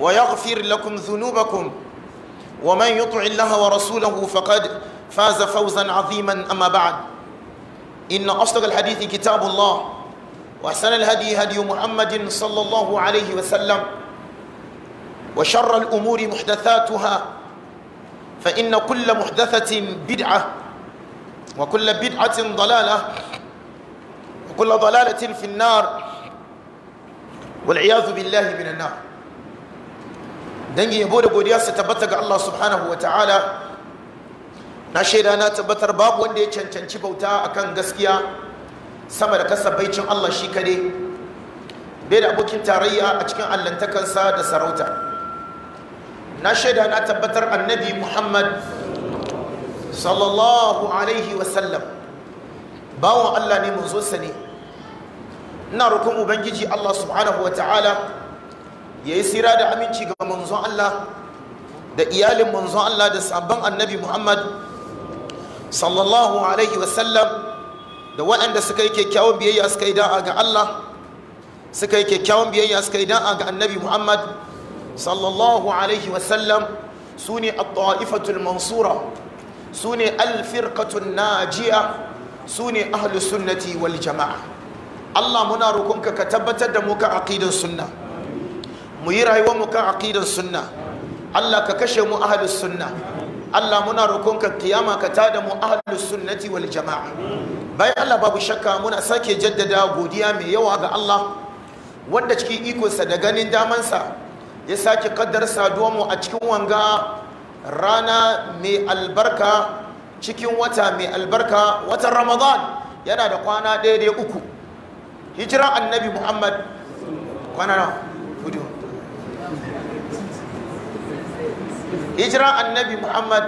ويغفر لكم ذنوبكم ومن يطع الله ورسوله فقد فاز فوزا عظيما أما بعد إن أصدق الحديث كتاب الله وأحسن الهدي هدي محمد صلى الله عليه وسلم وشر الأمور محدثاتها فإن كل محدثة بدعة وكل بدعة ضلالة وكل ضلالة في النار والعياذ بالله من النار dangi yabo da godiya su tabbata ga Allah subhanahu wa ta'ala na shaida na tabbatar babu wanda ya cancanci bauta akan gaskiya sama da kasabaicin Allah shi kade bai da abokin tarayya a cikin allantakansa da sarauta na shaida na tabbatar annabi Muhammad sallallahu alaihi wasallam Bawon Allah ne mun zo ne ina roƙon ubangiji Allah subhanahu wa ta'ala ya yi sira da aminci ga manzon Allah da iyalin manzon Allah da sabon annabi Muhammad sallallahu alaihi wasallam da waɗanda suka yi kyakkyawan biyayya suka yi da'a ga Allah suka yi kyakkyawan biyayya suka yi da'a ga annabi Muhammad sallallahu alaihi wasallam su ne at-ta'ifatul mansura su ne al-firqatul najiya su ne ahlus sunnati wal jama'a Allah muna roƙonka ka tabbatar da muka ka aqidar sunna mu yi rayuwar mu kan aqidan sunna Allah ka kashe mu ahlus sunna Allah muna ka kiyama ka tada mu ahlus sunnati wal jama'a bayan Allah babu shakka muna sake jaddada godiya mai yawa ga Allah wanda cikin ikonsa da ganin damansa ya sake kaddar saduwa mu a cikin wanga rana mai albarka cikin wata mai albarka watan Ramadan yana da kwana ɗaya da uku hijiran annabi Muhammad kwana na hudu hijira annabi muhammad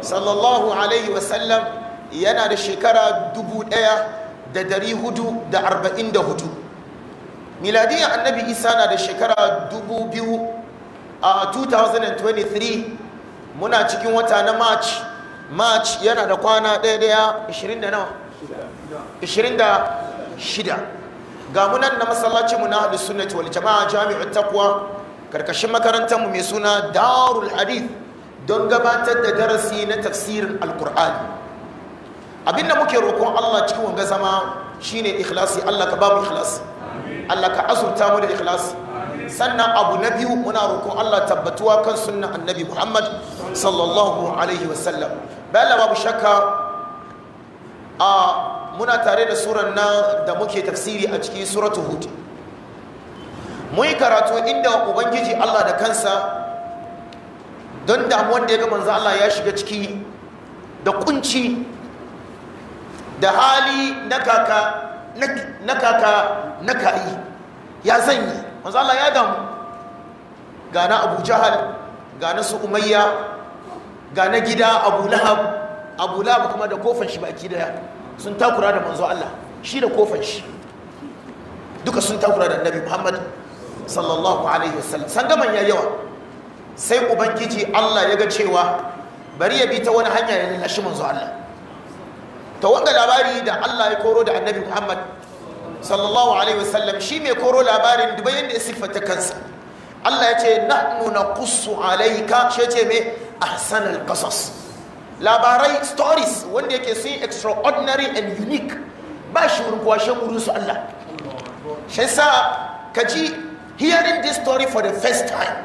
sallallahu alaihi wasallam yana da shekara dubu da da da dari hudu arba'in hudu. miladiyar annabi isa na da shekara dubu biyu. a 2023 muna cikin wata na march march yana da kwana ɗaya 26 ga munan na masallacinmu na hadu sunnati wal jama'a jami'ar takwa karkashin makarantarmu mai suna darul hadith don gabatar da darasi na tafsirin alkur'ani abinda muke roƙon allah cikin wanga zama shine ikhlasi allah ka ba mu ikhlasi allah ka azurta mu da ikhlasi sannan abu na biyu muna roƙon allah tabbatuwa kan sunna annabi muhammad sallallahu alaihi wasallam bayan babu shakka a muna tare da suran nan da muke tafsiri a cikin suratu hutu mun yi karatu inda ubangiji Allah da kansa don damuwan da ya ga manzo Allah ya shiga ciki da kunci da hali na kaka na kaka na ka'i ya zanyi manzo Allah ya damu ga na Abu Jahal ga na su Umayya ga na gida Abu Lahab Abu Lahab kuma da kofan shi baki daya sun takura da manzo Allah shi da kofan shi duka sun takura da Annabi Muhammad sallallahu alaihi wasallam gaman ya yawa sai ubangiji Allah ya ga cewa bari ya bi ta wani hanya ya lallashi manzo Allah ta wanda labari da Allah ya koro da annabi Muhammad sallallahu alaihi wasallam shi mai koro labarin da dubai yadda ya siffata kansa Allah ya ce nahnu naqussu alayka shi ce me ahsanal qasas labarai stories wanda yake sun extraordinary and unique ba shi wurin kwashe wurin su Allah shi sa ka ji hearing this story for the first time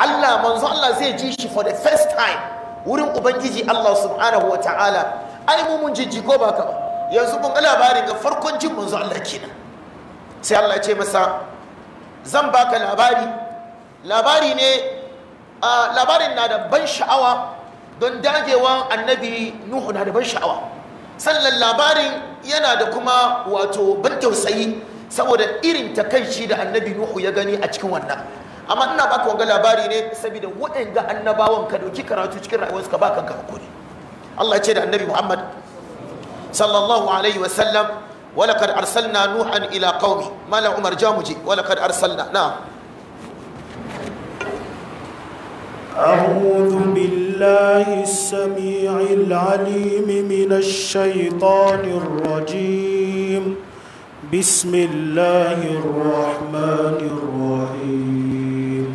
Allah manzo Allah zai ji shi for the first time wurin ubangiji Allah subhanahu wa ta'ala ai mu mun jijji ko ba ka ba yanzu kun ga labarin ga farkon jin manzo Allah kenan sai Allah ya ce masa zan baka labari labari ne labarin na da ban sha'awa don dagewa annabi Nuhu na da ban sha'awa sannan labarin yana da kuma wato ban tausayi saboda irin takaici da annabi nuhu ya gani a cikin wannan amma ina ba baka wanga labari ne saboda waɗanda annabawan ka dauki karatu cikin rayuwarsu ka ba kanka hakuri Allah ya ce da annabi Muhammad sallallahu alaihi wa sallam ولقد أرسلنا نوحا إلى قومه ما لا عمر جامجي ولقد أرسلنا نعم أعوذ بالله السميع العليم من الشيطان الرجيم بسم الله الرحمن الرحيم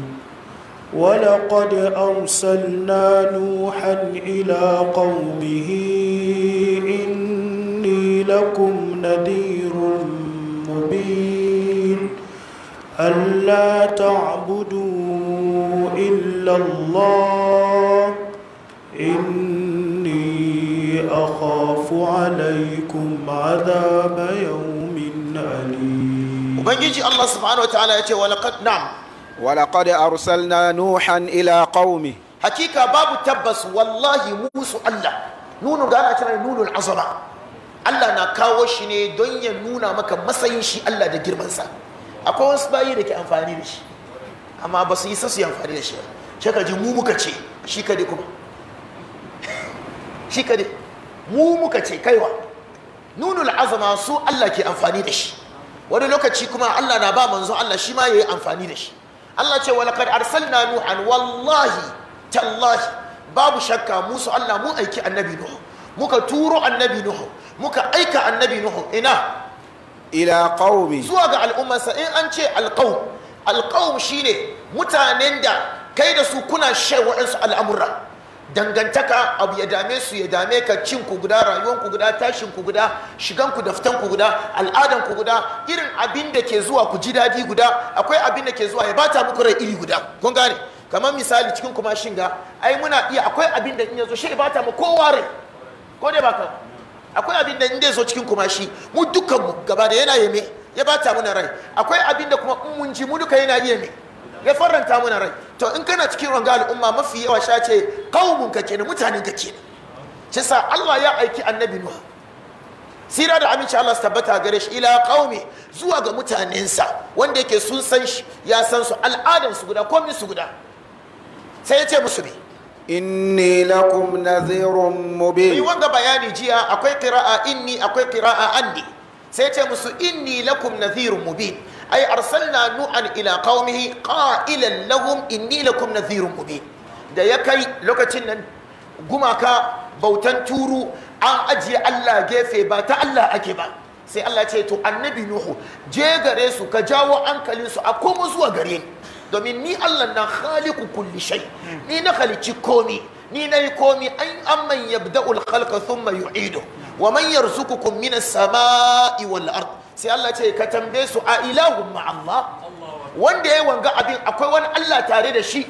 ولقد أرسلنا نوحا إلى قومه إني لكم نذير مبين ألا تعبدوا إلا الله إني أخاف عليكم عذاب يوم Ubangiji Allah subhanahu wa ta'ala ya ce walaƙad na walaƙad arsalna nuhan ila qaumi hakika babu tabbas wallahi musu Allah nunu da ana cewa nunul azama Allah na kawo shi ne don ya nuna maka matsayin shi Allah da girman akwai wasu bayi da ke amfani da shi amma ba su yi sasu yi amfani da shi ba ce ce kaiwa nunul azama su Allah ke amfani da shi wani lokaci kuma Allah na ba manzo Allah shi ma yayi amfani da shi Allah ce wa laqad arsalna nuhan wallahi tallahi babu shakka musu Allah mu aiki annabi nuhu muka turo annabi nuhu muka aika annabi nuhu ina ila qaumi zuwa ga al'ummarsa in an ce alqaum alqaum shine mutanen da kai da su kuna shan waɗansu al'amura dangantaka abu ya dame su ya dame ka cin ku guda rayuwan ku guda tashin ku guda shigan ku daftan ku guda al'adan ku guda irin abin da ke zuwa ku ji dadi guda akwai abin da ke zuwa ya bata muku rai iri guda kun gane kamar misali cikin kuma shinga ai muna iya akwai abin da in yazo shi ya bata mu kowa rai ko dai baka akwai abin da in dai zo cikin kuma shi mu dukkan mu gaba da yana yeme ya bata muna rai akwai abin da kuma in mun ji mu duka yana yeme ya faranta muna rai to in kana cikin wanga al'umma mafi yawa sha ce qaumun ka na mutanen ka ke. shi sa Allah ya aiki annabi nuwa sira da aminci Allah su tabbata gare shi ila kawumi zuwa ga mutanensa wanda yake sun san shi ya san su al'adansu su guda komi su guda sai ya ce musu bi inni lakum nadhirun mubin yi wanga bayani jiya akwai qira'a inni akwai qira'a andi. sai ya ce musu inni lakum nadhirun mubin ai arsalna nu'an ila qaumihi qa'ilan lahum inni lakum nadhirun mubin da ya kai lokacin nan gumaka bautan turu an ajiye Allah gefe ba ta Allah ake ba sai Allah ce to annabi nuhu je gare su ka jawo hankalin su a komo zuwa gare ni domin ni Allah na khaliqu kulli shay ni na halici komi ni nayi komi an amman yabda'ul khalqa thumma yu'idu wa man yarzuqukum minas sama'i wal ard sai Allah ce ka tambaye su a ilahun ma wanda ya wanga abin akwai wani Allah tare da shi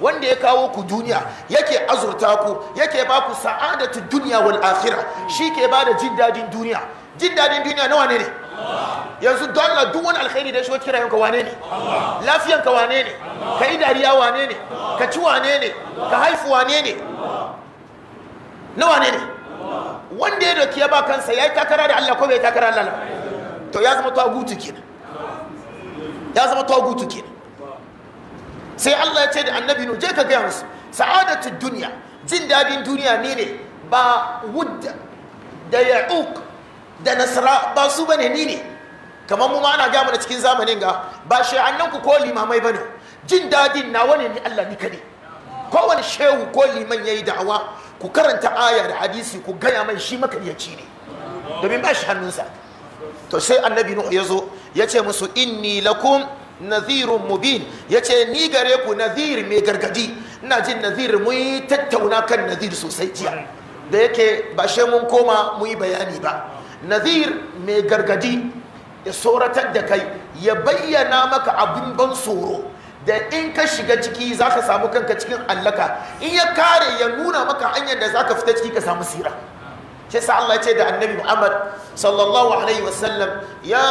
wanda ya kawo ku duniya yake azurta ku yake ba ku sa'adatu duniya wal akhirah shi ke ba da jin dadin duniya jin dadin duniya nawa ne ne yanzu don Allah duk wani alkhairi da ya shigo cikin ka wane ne lafiyan ka wane ne ka yi dariya wane ne ka ci wane ne ka haifu wane ne nawa ne ne wanda ya doki ya ba kansa ya yi takara da Allah ko bai takara Allah to ya zama tagutu kenan ya zama tagutu kenan sai Allah ya ce da annabi nu je ka gaya musu sa'adatu Dunya, jin dadin duniya ne ne ba wud da ya'uq da nasra ba su bane ni ne kamar mu ma ana gaya mana cikin zamanin ga ba shay'annan ku ko limamai bane jin dadin na wani ni Allah ni kade kowane shehu ko liman yayi da'awa ku karanta aya da hadisi ku gaya mai shi makaryaci ne domin ba shi hannunsa to sai annabi nuhu ya zo ya ce musu inni lakum nazirun mubin ya ce ni gare ku nazir mai gargadi ina jin nazir mun yi tattauna kan nazir sosai jiya da yake ba shi mun koma mu yi bayani ba nazir mai gargadi ya soratar da kai ya bayyana maka abin ban tsoro da in ka shiga ciki za ka samu kanka cikin allaka in ya kare ya nuna maka hanyar da za ka fita ciki ka samu sira shi sa Allah ce da annabi Muhammad sallallahu alaihi wasallam ya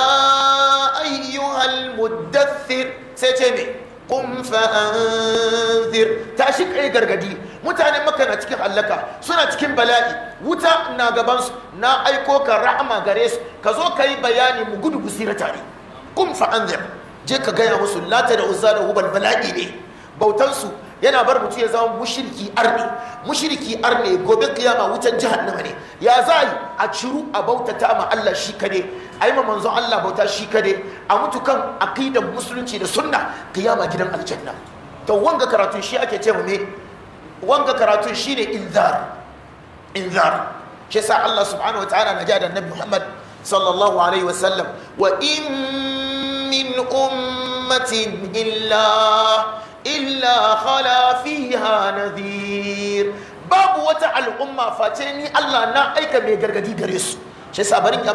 ayyuhal muddathir sai ce ne kun fa'anzir tashi kai gargadi Mutane maka na cikin allaka suna cikin bala'i wuta na gabansu na aiko ka rahama gare su ka zo ka yi bayani mu gudu ku tare kun fa'anzir je ka gaya musu lata da uzza da hubal bala'i ne bautansu yana bar mutum ya zama mushirki arne mushirki arne gobe kiyama wutan jahannama ne ya za a ciru a bautata ma Allah shi kade a yi ma manzo Allah bauta shi kade a mutu kan aqidan musulunci da sunna kiyama gidan aljanna to wanga karatun shi ake ce me wanga karatun shi ne inzar inzar shi sa Allah subhanahu wa ta'ala na ja da Annabi Muhammad sallallahu alaihi sallam wa in من أمة إلا إلا خلا فيها نذير باب وتع الأمة فاتني الله نا أيك ميجرجدي جريس شيء سابرين يا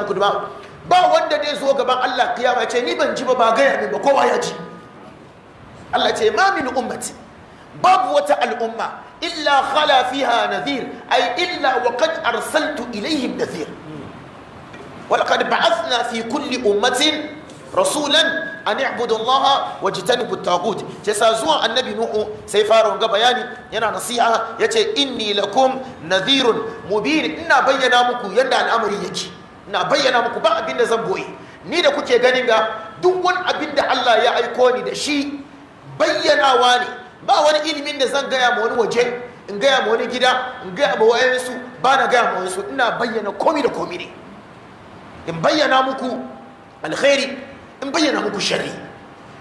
با wanda dai zo gaban Allah kiyama ce ni ban ji ba ba gaya ba kowa ya ji Allah ce ma min ummati babu wata al'umma illa khala fiha nadhir ay illa wa qad arsaltu ilayhim nadhir wa laqad ba'athna fi kulli ummatin rasulan an i'budu Allah wa jitanibu sai sa zuwa annabi nuhu sai fara ga bayani yana nasiha yace inni lakum nadhirun mubin ina bayyana muku yanda al'amari yake ina bayyana muku ba abinda zan boye ni da kuke ganin ga duk wani abin Allah ya aiko ni da shi bayyanawa ne ba wani ilimin da zan gaya ma wani waje in gaya ma wani gida in gaya ma wayansu ba na gaya ma wayansu ina bayyana komi da komi ne in bayyana muku alkhairi in bayyana muku shari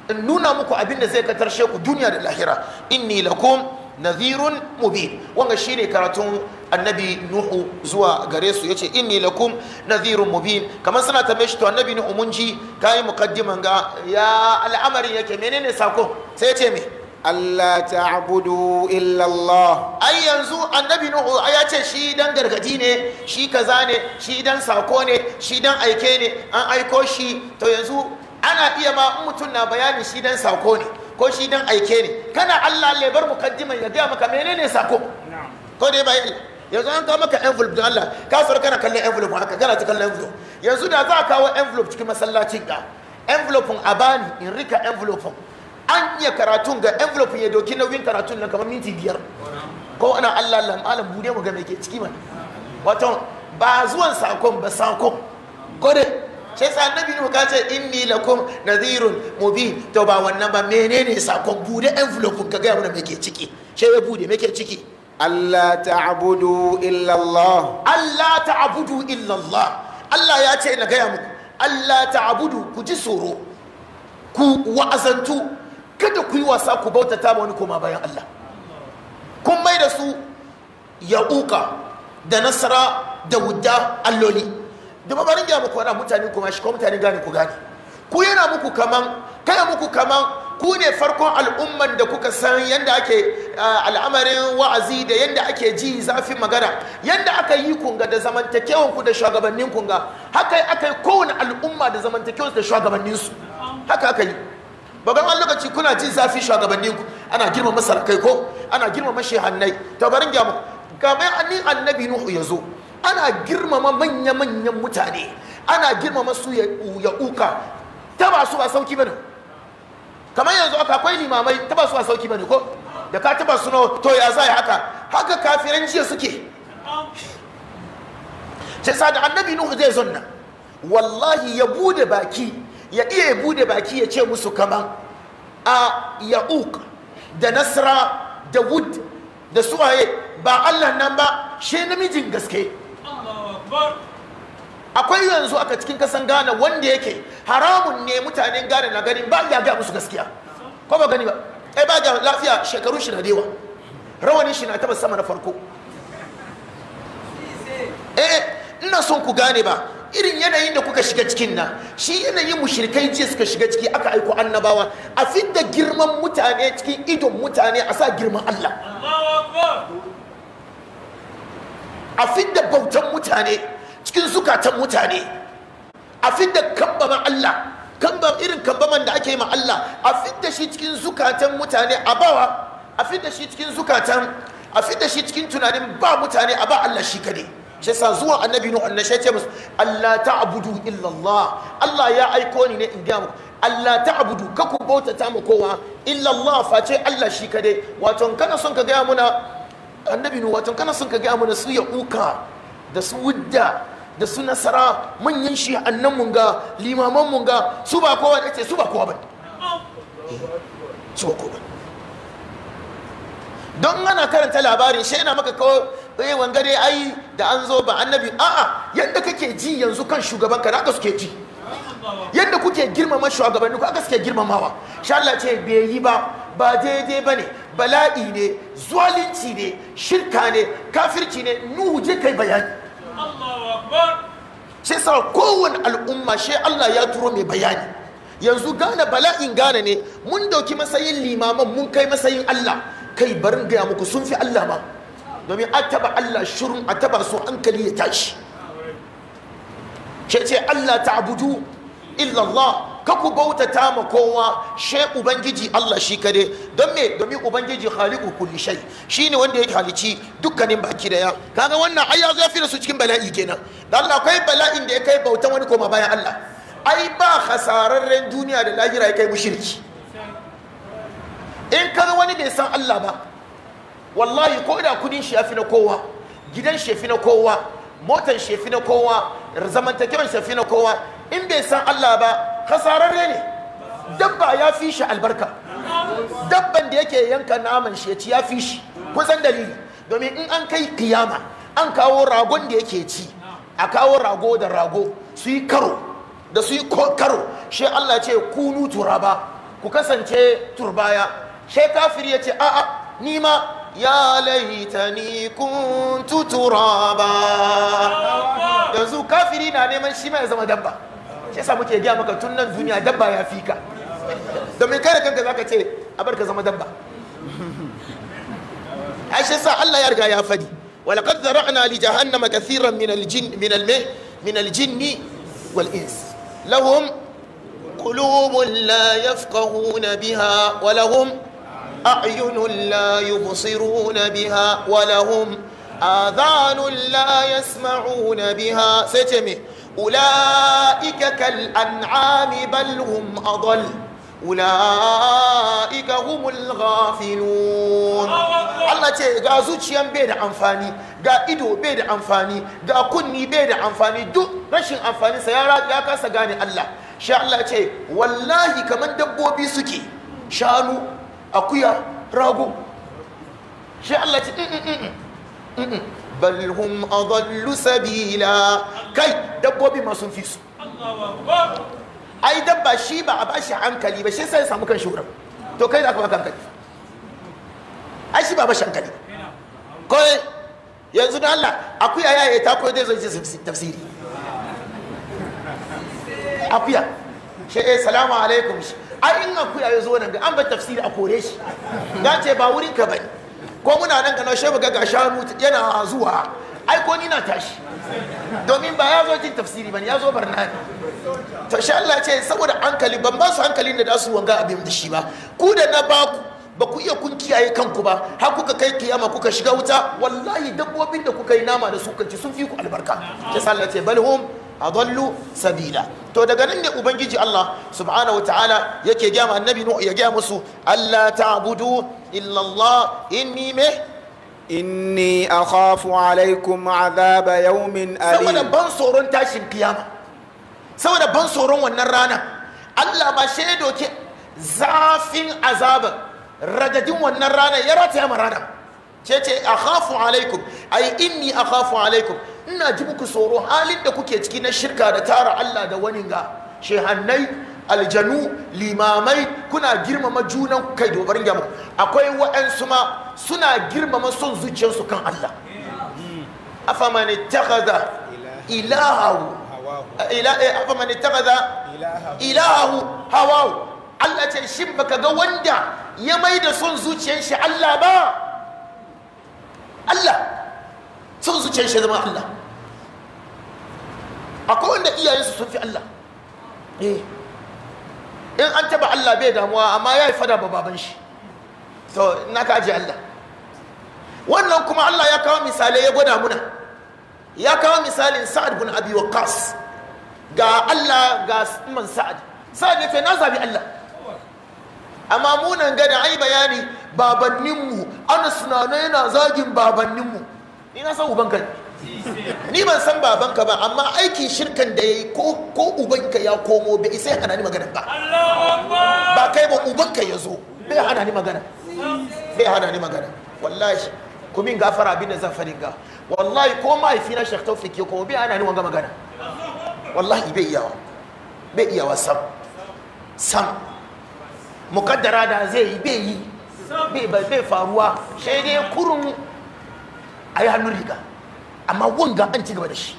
in nuna muku abin da zai katar ku duniya da lahira inni lakum nadhirun mubin wanga shine karatun annabi nuhu zuwa gare su yace inni lakum nadhirun mubin kamar suna ta shi to annabi nuhu mun ji kai muqaddiman ga ya al'amarin yake menene sako sai yace me Allah ta'budu illa Allah ai yanzu annabi nuhu ya ce shi dan gargadi ne shi kaza ne shi dan sako ne shi dan aike ne an aiko shi to yanzu ana iya ma in mutum na bayani shi dan sako ne ko shi dan aike ne kana Allah le lebar mukaddiman ya gaya maka menene sako ko dai bai yanzu an kawo maka envelope don Allah ka sauri kana kallon envelope haka kana ta kallon envelope yanzu da za a kawo envelope cikin masallacin ka envelope a bani in rika envelope an iya karatun ga envelope ya doki nauyin karatun nan kamar minti biyar ko ana Allah Allah malam bude mu ga me ke ciki mana wato ba zuwan sakon ba sakon ko dai sai yasa annabi ne ka ce inni lakum nadhirun mubin to ba wannan ba menene sakon bude envelope ka gaya mana meke ciki shi ya bude meke ciki Allah ta'budu illa Allah Allah ta'budu illa Allah Allah ya ce na gaya muku Allah ta'budu ku ji tsoro ku wa'azantu kada ku yi wasa ku bautata ma wani koma bayan Allah kun mai da su ya uka da nasara da wudda alloli da babarin gya muku wani mutane kuma shi ko mutane gane ku gane ku yana muku kaman kaya muku kaman ku ne farkon al'umman da kuka san yadda ake ah, al'amarin wa'azi da yadda ake ji zafin magana yadda aka yi kunga da zamantakewan ku da shugabannin kunga haka aka yi kowane al'umma da zamantakewan da shugabannin su haka aka yi babban an lokaci kuna ji zafin shugabannin ku ana girmama sarakai ko ana girmama shehannai to barin gya muku kamar annabi nuhu ya zo ana girmama manya-manyan mutane ana girmama su ya uka Ta ba su ba sauki bane kamar yanzu aka akwai limamai ba su ba sauki bane ko da ka taba su to ya zai haka haka kafiran jiya suke sai sa da annabi nuhu zai zonna wallahi ya bude baki ya iya bude baki ya ce musu kama. a ya'uk da nasra da wud da suwaye ba allah nan ba shi namijin gaske akwai yanzu aka cikin kasan gane wanda yake haramun ne mutanen gane na ganin ba ya ga musu gaskiya ko ba gani ba ai eh, ba ga lafiya shekaru shi na dewa rawanin shi na taba sama na farko eh, eh ina son ku gane ba irin yanayin da kuka shiga cikin na shi yanayin mushrikai jiya suka shiga ciki aka aiko annabawa a fidda girman mutane cikin idon mutane a sa girman Allah a fidda bautan mutane cikin zukatan mutane a fidda kambaman Allah kamban irin kambaman da ake yi ma Allah a fidda shi cikin zukatan mutane a bawa a fidda shi cikin zukatan a fidda shi cikin tunanin ba mutane a ba Allah shi kadai shi sa zuwa annabi nuhu annabi shi ce musu Allah ta'budu illa Allah Allah ya aiko ni ne in ga muku Allah ta'budu ka ku bautata ma kowa illa Allah face Allah shi kadai wato kana son ka ga muna annabi nuhu watan kana son ka gaya mana su ya uka da su wudda da su nasara manyan shi annan mun ga limaman mun ga su ba kowa da ce su ba kowa ba don ana karanta labarin shi yana maka kawo ɗaya eh, wangare ai da an zo ba annabi a'a yadda kake ji yanzu kan shugaban ka haka suke ji yadda kuke girmama shugabanni ku aka suke girmamawa sha Allah ce bai yi ba ba daidai ba ne. bala'i ne zuwalinci ne shirka ne kafirci ne nuhu je kai bayani shi sa kowane al'umma shi Allah ya turo mai bayani yanzu gane bala'in gane ne mun dauki masayin limaman mun kai masayin Allah kai barin gaya muku sun fi Allah ba domin a taba Allah shirin a taba su hankali ya tashi ce ce Allah ta abudu illallah ka ku bautata ma kowa shi ubangiji Allah shi kare don me domin ubangiji khaliqu kulli shay ne wanda yake halici dukkanin baki da ya kaga wannan ai ya fi su cikin bala'i kenan dan Allah akwai bala'in da ya kai bautan wani koma bayan Allah ai ba hasararren duniya da lahira ya kai mushriki in kaga wani bai san Allah ba wallahi ko da kudin shi ya fi na kowa gidan shi ya fi na kowa motan shi ya fi na kowa zamantakewar shi ya fi na kowa in bai san Allah ba kasararre ne dabba ya fi shi albarka dabban da yake yanka naman shi ya ci ya fi shi kusan dalili domin in an kai kiyama an kawo ragon da yake ci a kawo rago da rago su yi karo da su yi karo shi Allah ce kunu turaba ku kasance turbaya shi kafir ya ce a'a ni ma ya ni kuntu turaba yanzu kafiri na neman shi ma zama dabba shi yasa muke gaya maka tun nan duniya dabba ya fi ka domin kai kanka zaka ce a bar ka zama dabba ai shi yasa Allah ya riga ya fadi walaqad zara'na li jahannama kathiran min al-jinn min al min al-jinn wal ins lahum qulubun la yafqahuna biha wa lahum أعين لا يبصرون بها ولهم آذان لا يسمعون بها سجمه أولئك كالأنعام بل هم أضل ula'ika humul ghafilun Allah ce ga zuciyan bai da amfani ga ido bai da amfani ga kunni bai da amfani duk rashin amfani sa ya kasa gane Allah sha Allah ce wallahi kamar dabbobi suke shanu akuya rago sha Allah ce bal hum adallu sabila kai dabbobi ma sun fi su ai dabba shi ba a bashi hankali ba shi sai samu kan shura to kai da aka baka hankali ai shi ba bashi hankali ko yanzu da Allah akuya ya yi tako zai zo ji tafsiri akuya shi eh salamu alaikum ai in akuya ya zo nan ga an ba tafsiri a kore shi dace ba wurin ka bane ko muna nan kana shebu ga shanu yana zuwa ai ko ni na tashi domin ba ya zo jin tafsiri ba ya zo barna ne to sha Allah ce saboda hankali ban ba su hankalin da za su wanga abin da shi ba ku da na baku ba ku iya kun kiyaye kanku ba har kuka kai kiyama kuka shiga wuta wallahi dabbobin da kuka yi nama da su kanci sun fi ku albarka ya sallace balhum adallu sabila to daga nan ne ubangiji Allah subhanahu wataala yake gaya annabi nu ya gaya musu alla ta'budu illa Allah inni me inni akhafu alaikum azaba yawmin alim saboda ban tsoron tashin kiyama saboda ban tsoron wannan rana Allah ba shaido ke zafin azaban radadin wannan rana ya rataya ma rana sai ce hafu alaikum yi inni hafu alaikum ina ji muku tsoro halin da kuke ciki na shirka da tara Allah da wani ga shehannai aljanu limamai kuna girmama junan kai dogarin gyamu akwai waɗansu ma suna girmama son zuciyarsu kan Allah hmm. afaman ittakhadha ilahahu eh, eh, afaman ittakhadha ilahahu hawahu Allah ce shin baka ga wanda ya mai da son zuciyar shi Allah ba Allah sun zuciyar shi zama Allah akwai wanda iyayensu sun fi Allah eh in an taba Allah bai damuwa amma ya yi fada ba baban shi to na ka ji Allah wannan kuma Allah ya kawo misali ya gwada muna ya kawo misalin sa'ad bin abi wa ga Allah ga man sa'ad sa'ad ya fi na zabi Allah amma munan nan ga da ai bayani babanninmu anas na nan yana zagin babanninmu ni na san ubanka ni ban san baban ka ba amma aikin shirkan da yayi ko ko ka ya komo bai sai ana ni magana ba ba kai ba ubanka ya zo bai ana ni magana bai ana ni magana wallahi ku min gafara abin da zan fari ga wallahi ko mahaifina shekh tawfik ya komo bai ana ni wanga magana wallahi bai iyawa bai iyawa sam sam mukaddara da zai yi bai yi bai faruwa shai dai kurun a yi hannun riga amma wunga an ci gaba da shi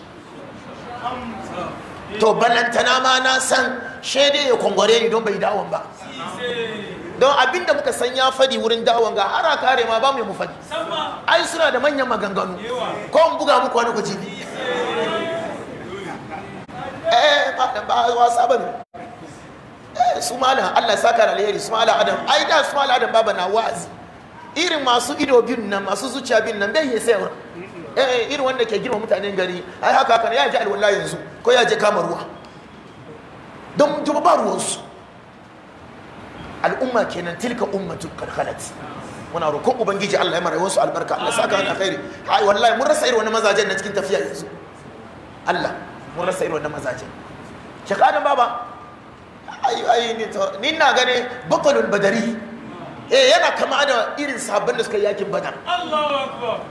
to balantana ma na san dai ya kongware ni don bai dawon ba don abinda muka san ya fadi wurin dawon ga ara kare ma ba mu mu fadi ai suna da manyan maganganu ko mu buga muku wani kuji eh ba wasa ne su malam Allah saka alheri su malam adam ai da su malam adam baba na wa'azi irin masu ido bin nan masu zuciya bin nan bai yi sayarwa eh, eh irin wanda ke girma mutanen gari ai haka haka ya ji alwala yanzu ko ya je kama ruwa don duba ba ruwansu al'umma kenan tilka ummatun kalkalat muna roƙon ubangiji Allah ya mara wasu albarka Allah saka wani alkhairi ai wallahi mun rasa irin wani mazajen na cikin tafiya yanzu Allah mun rasa irin wani mazajen shekadan baba ni na gane bakwalul badari eh yana kama da irin sahabban da suka yakin badar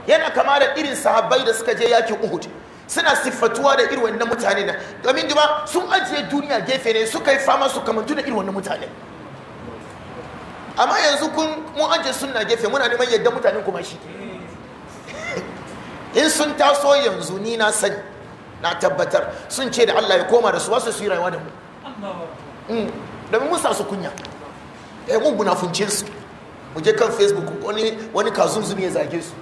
yana kama da irin sahabbai da suka je yakin uhud suna siffatuwa da irin wannan mutane na domin duba sun ajiye duniya gefe ne suka yi fama su kamantu da irin wannan mutane amma yanzu kun mun ajiye sunna gefe muna neman yadda mutanen kuma shi in sun taso yanzu ni na sani na tabbatar sun ce da Allah ya koma da su wasu su yi rayuwa da mu Mm. domin Musa su kunya eh mun munafunce su mu je kan facebook wani wani kazunzumi ya zage su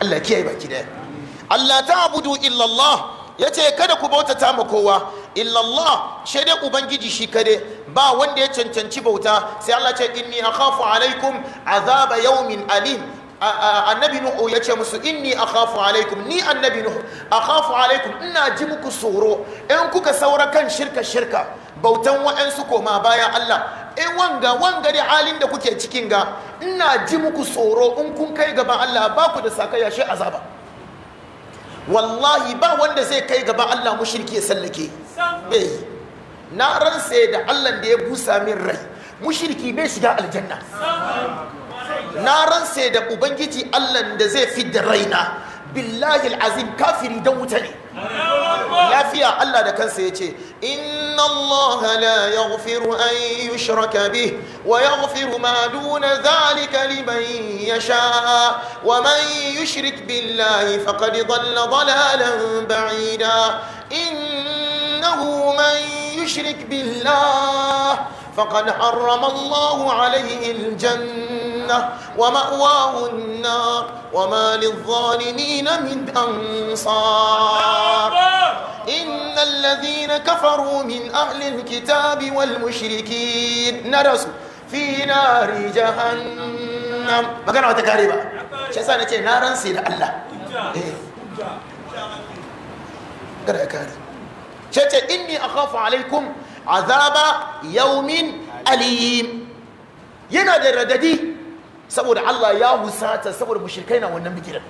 Allah kiyaye baki daya Allah ta abudu illallah ya ce kada ku bautata ma kowa illallah shi dai ubangiji shi kade ba wanda ya cancanci bauta sai Allah ce inni akhafu alaikum azaba yawmin alim annabi nuhu ya ce musu inni akhafu alaikum ni annabi nuhu a akhafu alaikum ina ji muku tsoro in kuka saura kan shirka shirka bautan wa'ansu koma baya Allah e wanga wanga da halin da kuke cikin ga ina ji muku tsoro in kun kai gaba Allah ba ku da ya shi azaba wallahi ba wanda zai kai gaba Allah mushriki ya sallake eh na ransa da Allah da ya busa min rai mushriki bai shiga aljanna na ransa da ubangiji Allah da zai fidda raina بالله العظيم كافر دوتني يا فيا الله ده كان إن الله لا يغفر أن يشرك به ويغفر ما دون ذلك لمن يشاء ومن يشرك بالله فقد ضل ضلالا بعيدا إنه من يشرك بالله فقد حرم الله عليه الجنة ومأواه النار وما للظالمين من أنصار إن الذين كفروا من أهل الكتاب والمشركين نرسوا نعم في نار جهنم ما wata kare ba shi yasa nace na ransa da Allah eh kada kare azaba yaumin alim yana da radadi saboda Allah ya husata saboda mushrikai na wannan bikiran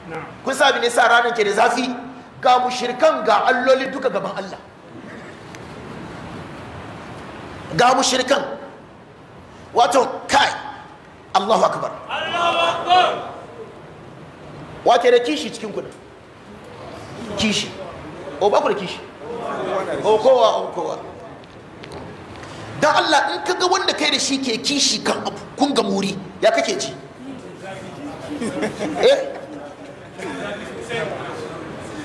kun sa ne sa ranar ke da zafi ga mushrikan ga alloli duka gaban Allah ga mushrikan wato kai Allahu akbar Allahu akbar wato da kishi cikin kudin kishi o ba ku da kishi o kowa o kowa Don Allah in kaga wanda kai da shi ke kishi kan abu kun ga muri ya kake ji eh?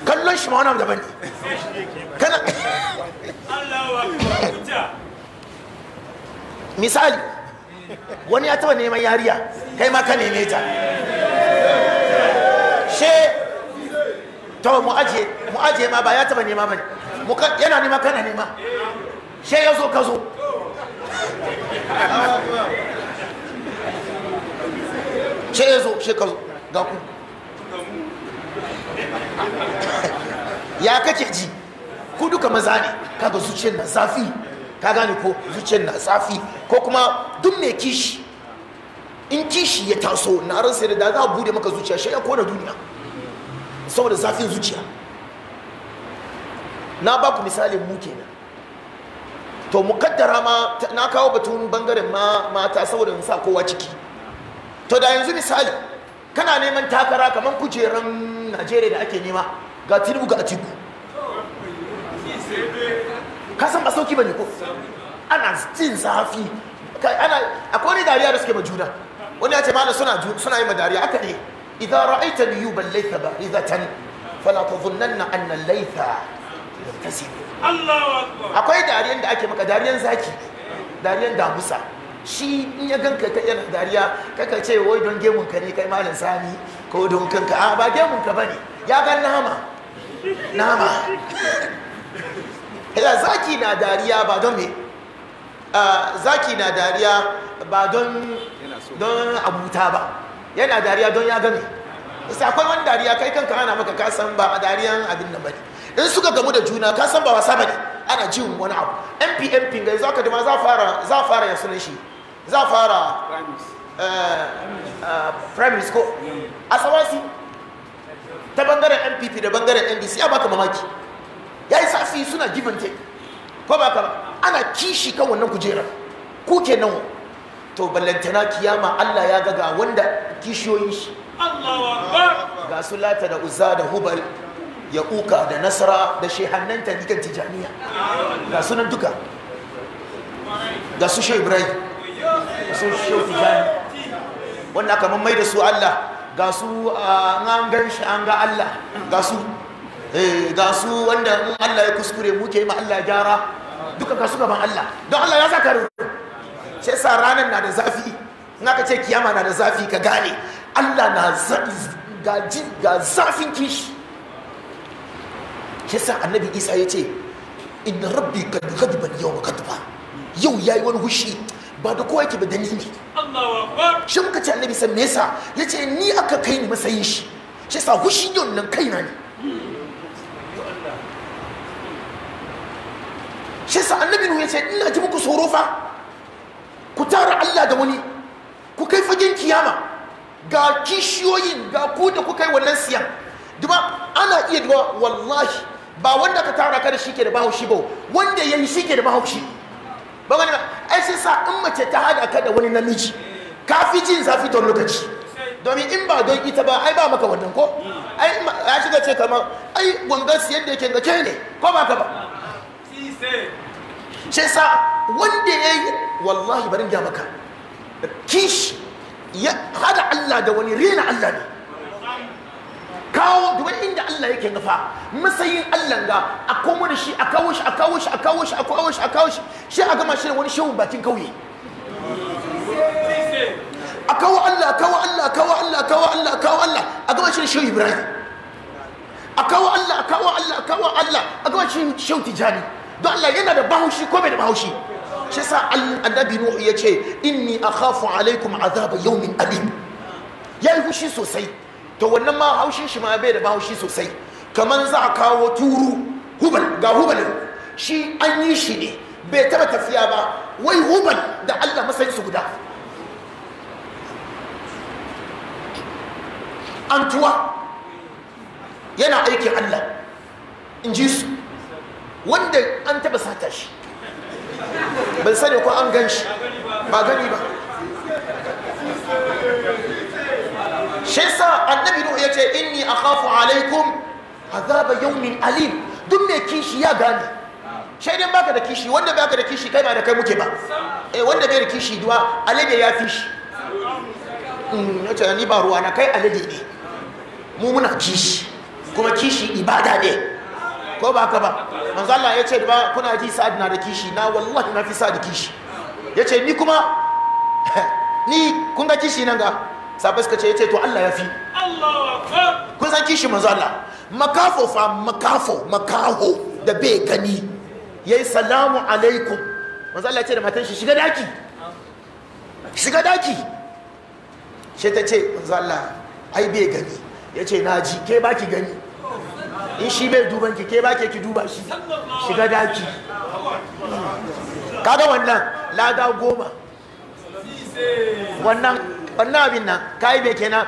kallon shi ma wani daban ne kana misali wani ya taba neman yariya kai ma ka neme ta she to mu aje mu aje ma ba ya taba nema bane yana nema kana nema she ya zo ka zo sai ya zo sai ka zo ga ku ya kake ji ku duka maza ne kaga zuciyar na zafi ka gane ko zuciyar na zafi ko kuma duk mai kishi in kishi ya taso na ran sai da za a bude maka zuciya shi ya kona duniya saboda zafin zuciya na ba ku misalin mu kenan to mu kaddara ma na kawo batun bangaren ma mata saboda in sa kowa ciki to da yanzu misali kana neman takara kamar kujeran najeriya da ake nema ga tinubu ga atiku ka san ba sauki bane ko ana jin zafi ana akwai wani dariya da suke ma juna wani ya ce mana suna suna yi ma dariya aka ne idan ra'aita ni yuban laifa ba izatan fala tadhunnanna na annan yantasib ta akbar akwai dariyan da ake maka dariyan zaki dariyan damusa shi in ya ganka ka yana dariya kaka ce wai don gemun ka ne kai malin sani ko don kanka a ba gemun ka bane ya gan nama nama ya zaki na dariya ba don me zaki na dariya ba don don abuta ba yana dariya don ya gane sai akwai wani dariya kai kanka ana maka ka san ba a dariyan abin nan bane in suka gamu da juna ka san ba wasa bane ana jin wani abu mpmp ga yanzu aka dima za fara za fara ya sunan shi za a fara primis eh, eh, ko mm. a sawasi ta bangaren npp da bangaren ndc ya baka mamaki ya yi safi suna give and take ko baka ana kishi kan wannan kujerar ku ke nan to ballantana kiyama allah ya gaga wanda kishiyoyin shi ga su da Uza da hubal ya kuka da nasara da shehannanta dikan tijaniya ga sunan duka ga su shehu ibrahim su shehu tijani wanda aka mammai da su Allah ga su an gan shi an ga Allah ga su eh, ga su wanda Allah ya kuskure muke yi ma Allah gyara duka ga su gaban Allah don Allah ya saka rubu shi sa ranar na da zafi in aka ce kiyama na da zafi ka gane Allah na ga zafin kishi ce sa annabi Isa ya ce inna rabbi kad yau yawma ba. yau ya yi wani hushi ba da kowa yake ba da ni shi muka ce annabi san me ya ce ni aka kai ni matsayin shi shi sa hushi yau nan kai na ne shi sa annabi nuhu ya ce ina ji muku tsoro fa ku tara Allah da wani ku kai fagen kiyama ga kishiyoyin ga ku da ku kai wannan siya. duba ana iya duba wallahi ba wanda ka tara ka da shi ke da bahaushi ba wanda ya yi shi ke da bahaushi. ba wani ai sai sa in mace ta haɗa ka da wani namiji ka fi jin zafi don lokaci domin in ba don ita ba ai ba maka wannan ko ai ya shiga ce kamar ai gwangar siyar da yake ga ke ne ko ba ka ba shi sa wanda ya yi wallahi barin ga maka kishi ya hada Allah da wani rena Allah ne kawo duk inda Allah yake nufa masayin Allah ga a komo da shi a kawo shi a kawo shi a kawo shi a kawo shi a kawo shi shi a gama shi da wani shehu bakin kauye a kawo Allah kawo Allah kawo Allah kawo Allah kawo Allah a gama shi da shehu Ibrahim a kawo Allah kawo Allah kawo Allah a gama shi da shehu Tijani don Allah yana da bahaushi ko bai da bahushi shi sa annabi Nuhu ya ce inni akhafu alaikum azaba yawmin alim yayi fushi sosai to wannan ma haushin shi ma bai da bahaushi sosai kamar za a kawo turu hubal ga hubalin shi an yi shi ne bai taba tafiya ba wai hubal da allah masai su guda an tuwa yana aikin allah in ji su wanda an taba sata shi ban sani ko an gan shi ba gani ba shesa annabi nuhu ya ce inni a alaikum azaba min alim duk mai kishi ya gane shaidan baka da kishi wanda baka da kishi kai ba da kai muke ba eh wanda bai da kishi duwa alade ya fi shi mm, yace ni ba ruwa na kai alade ne mu muna kishi kuma kishi ibada ne ko ba ka ba manzo Allah ya ce ba kuna ji sa'ad na da kishi na wallahi na fi sa'ad kishi ya ce ni kuma ni kun ga kishi nan ga sabai suka ce ce to Allah ya fi kun san kishi manzo Allah makafo fa makafo makaho da bai gani yayi salamu alaikum manzo Allah ya ce da matan shi shiga daki shiga daki shi ta ce manzo Allah ai bai gani ya ce na ji ke baki gani in shi bai duban ki ke bake ki duba shi shiga daki kaga wannan lada goma wannan wannan abin nan kai me kenan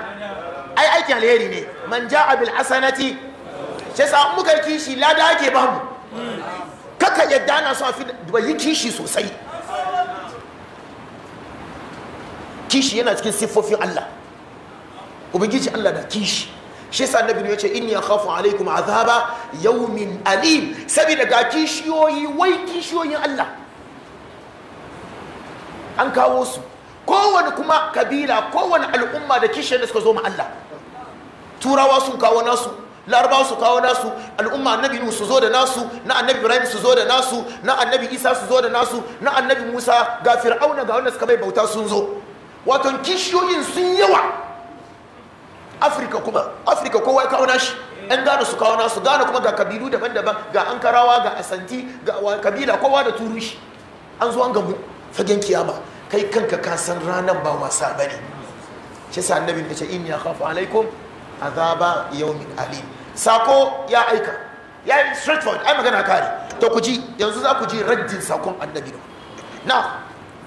ai aikin alheri ne man ja'a bil hasanati sai sa muka kishi lada ake ba mu kaka yadda ana so a fi yi kishi sosai kishi yana cikin siffofin Allah ubangiji Allah da kishi shi yasa annabi ya ce inni akhafu alaikum azaba yawmin alim saboda ga kishiyoyi wai kishiyoyin Allah an kawo su kowane kuma kabila kowane al'umma da kishiyar da suka zo ma Allah turawa sun kawo nasu larabawa su kawo nasu al'umma annabi nuhu su zo da nasu na annabi ibrahim su zo da nasu na annabi isa su zo da nasu na annabi musa ga fir'auna ga wanda suka bai bauta sun zo wato kishiyoyin sun yawa afirka kuma afirka kowa ya kawo nashi yan gane su kawo nasu gane kuma ga kabilu daban-daban ga ankarawa ga asanti ga kabila kowa da turushi an zo an gamu fagen kiyama kai kanka ka san ranan ba wasa bane shi sa annabi ya ce inni akhafu alaikum azaba yawmin alim sako ya aika ya yi straightforward ai magana kare to ku ji yanzu za ku ji raddin sakon annabi na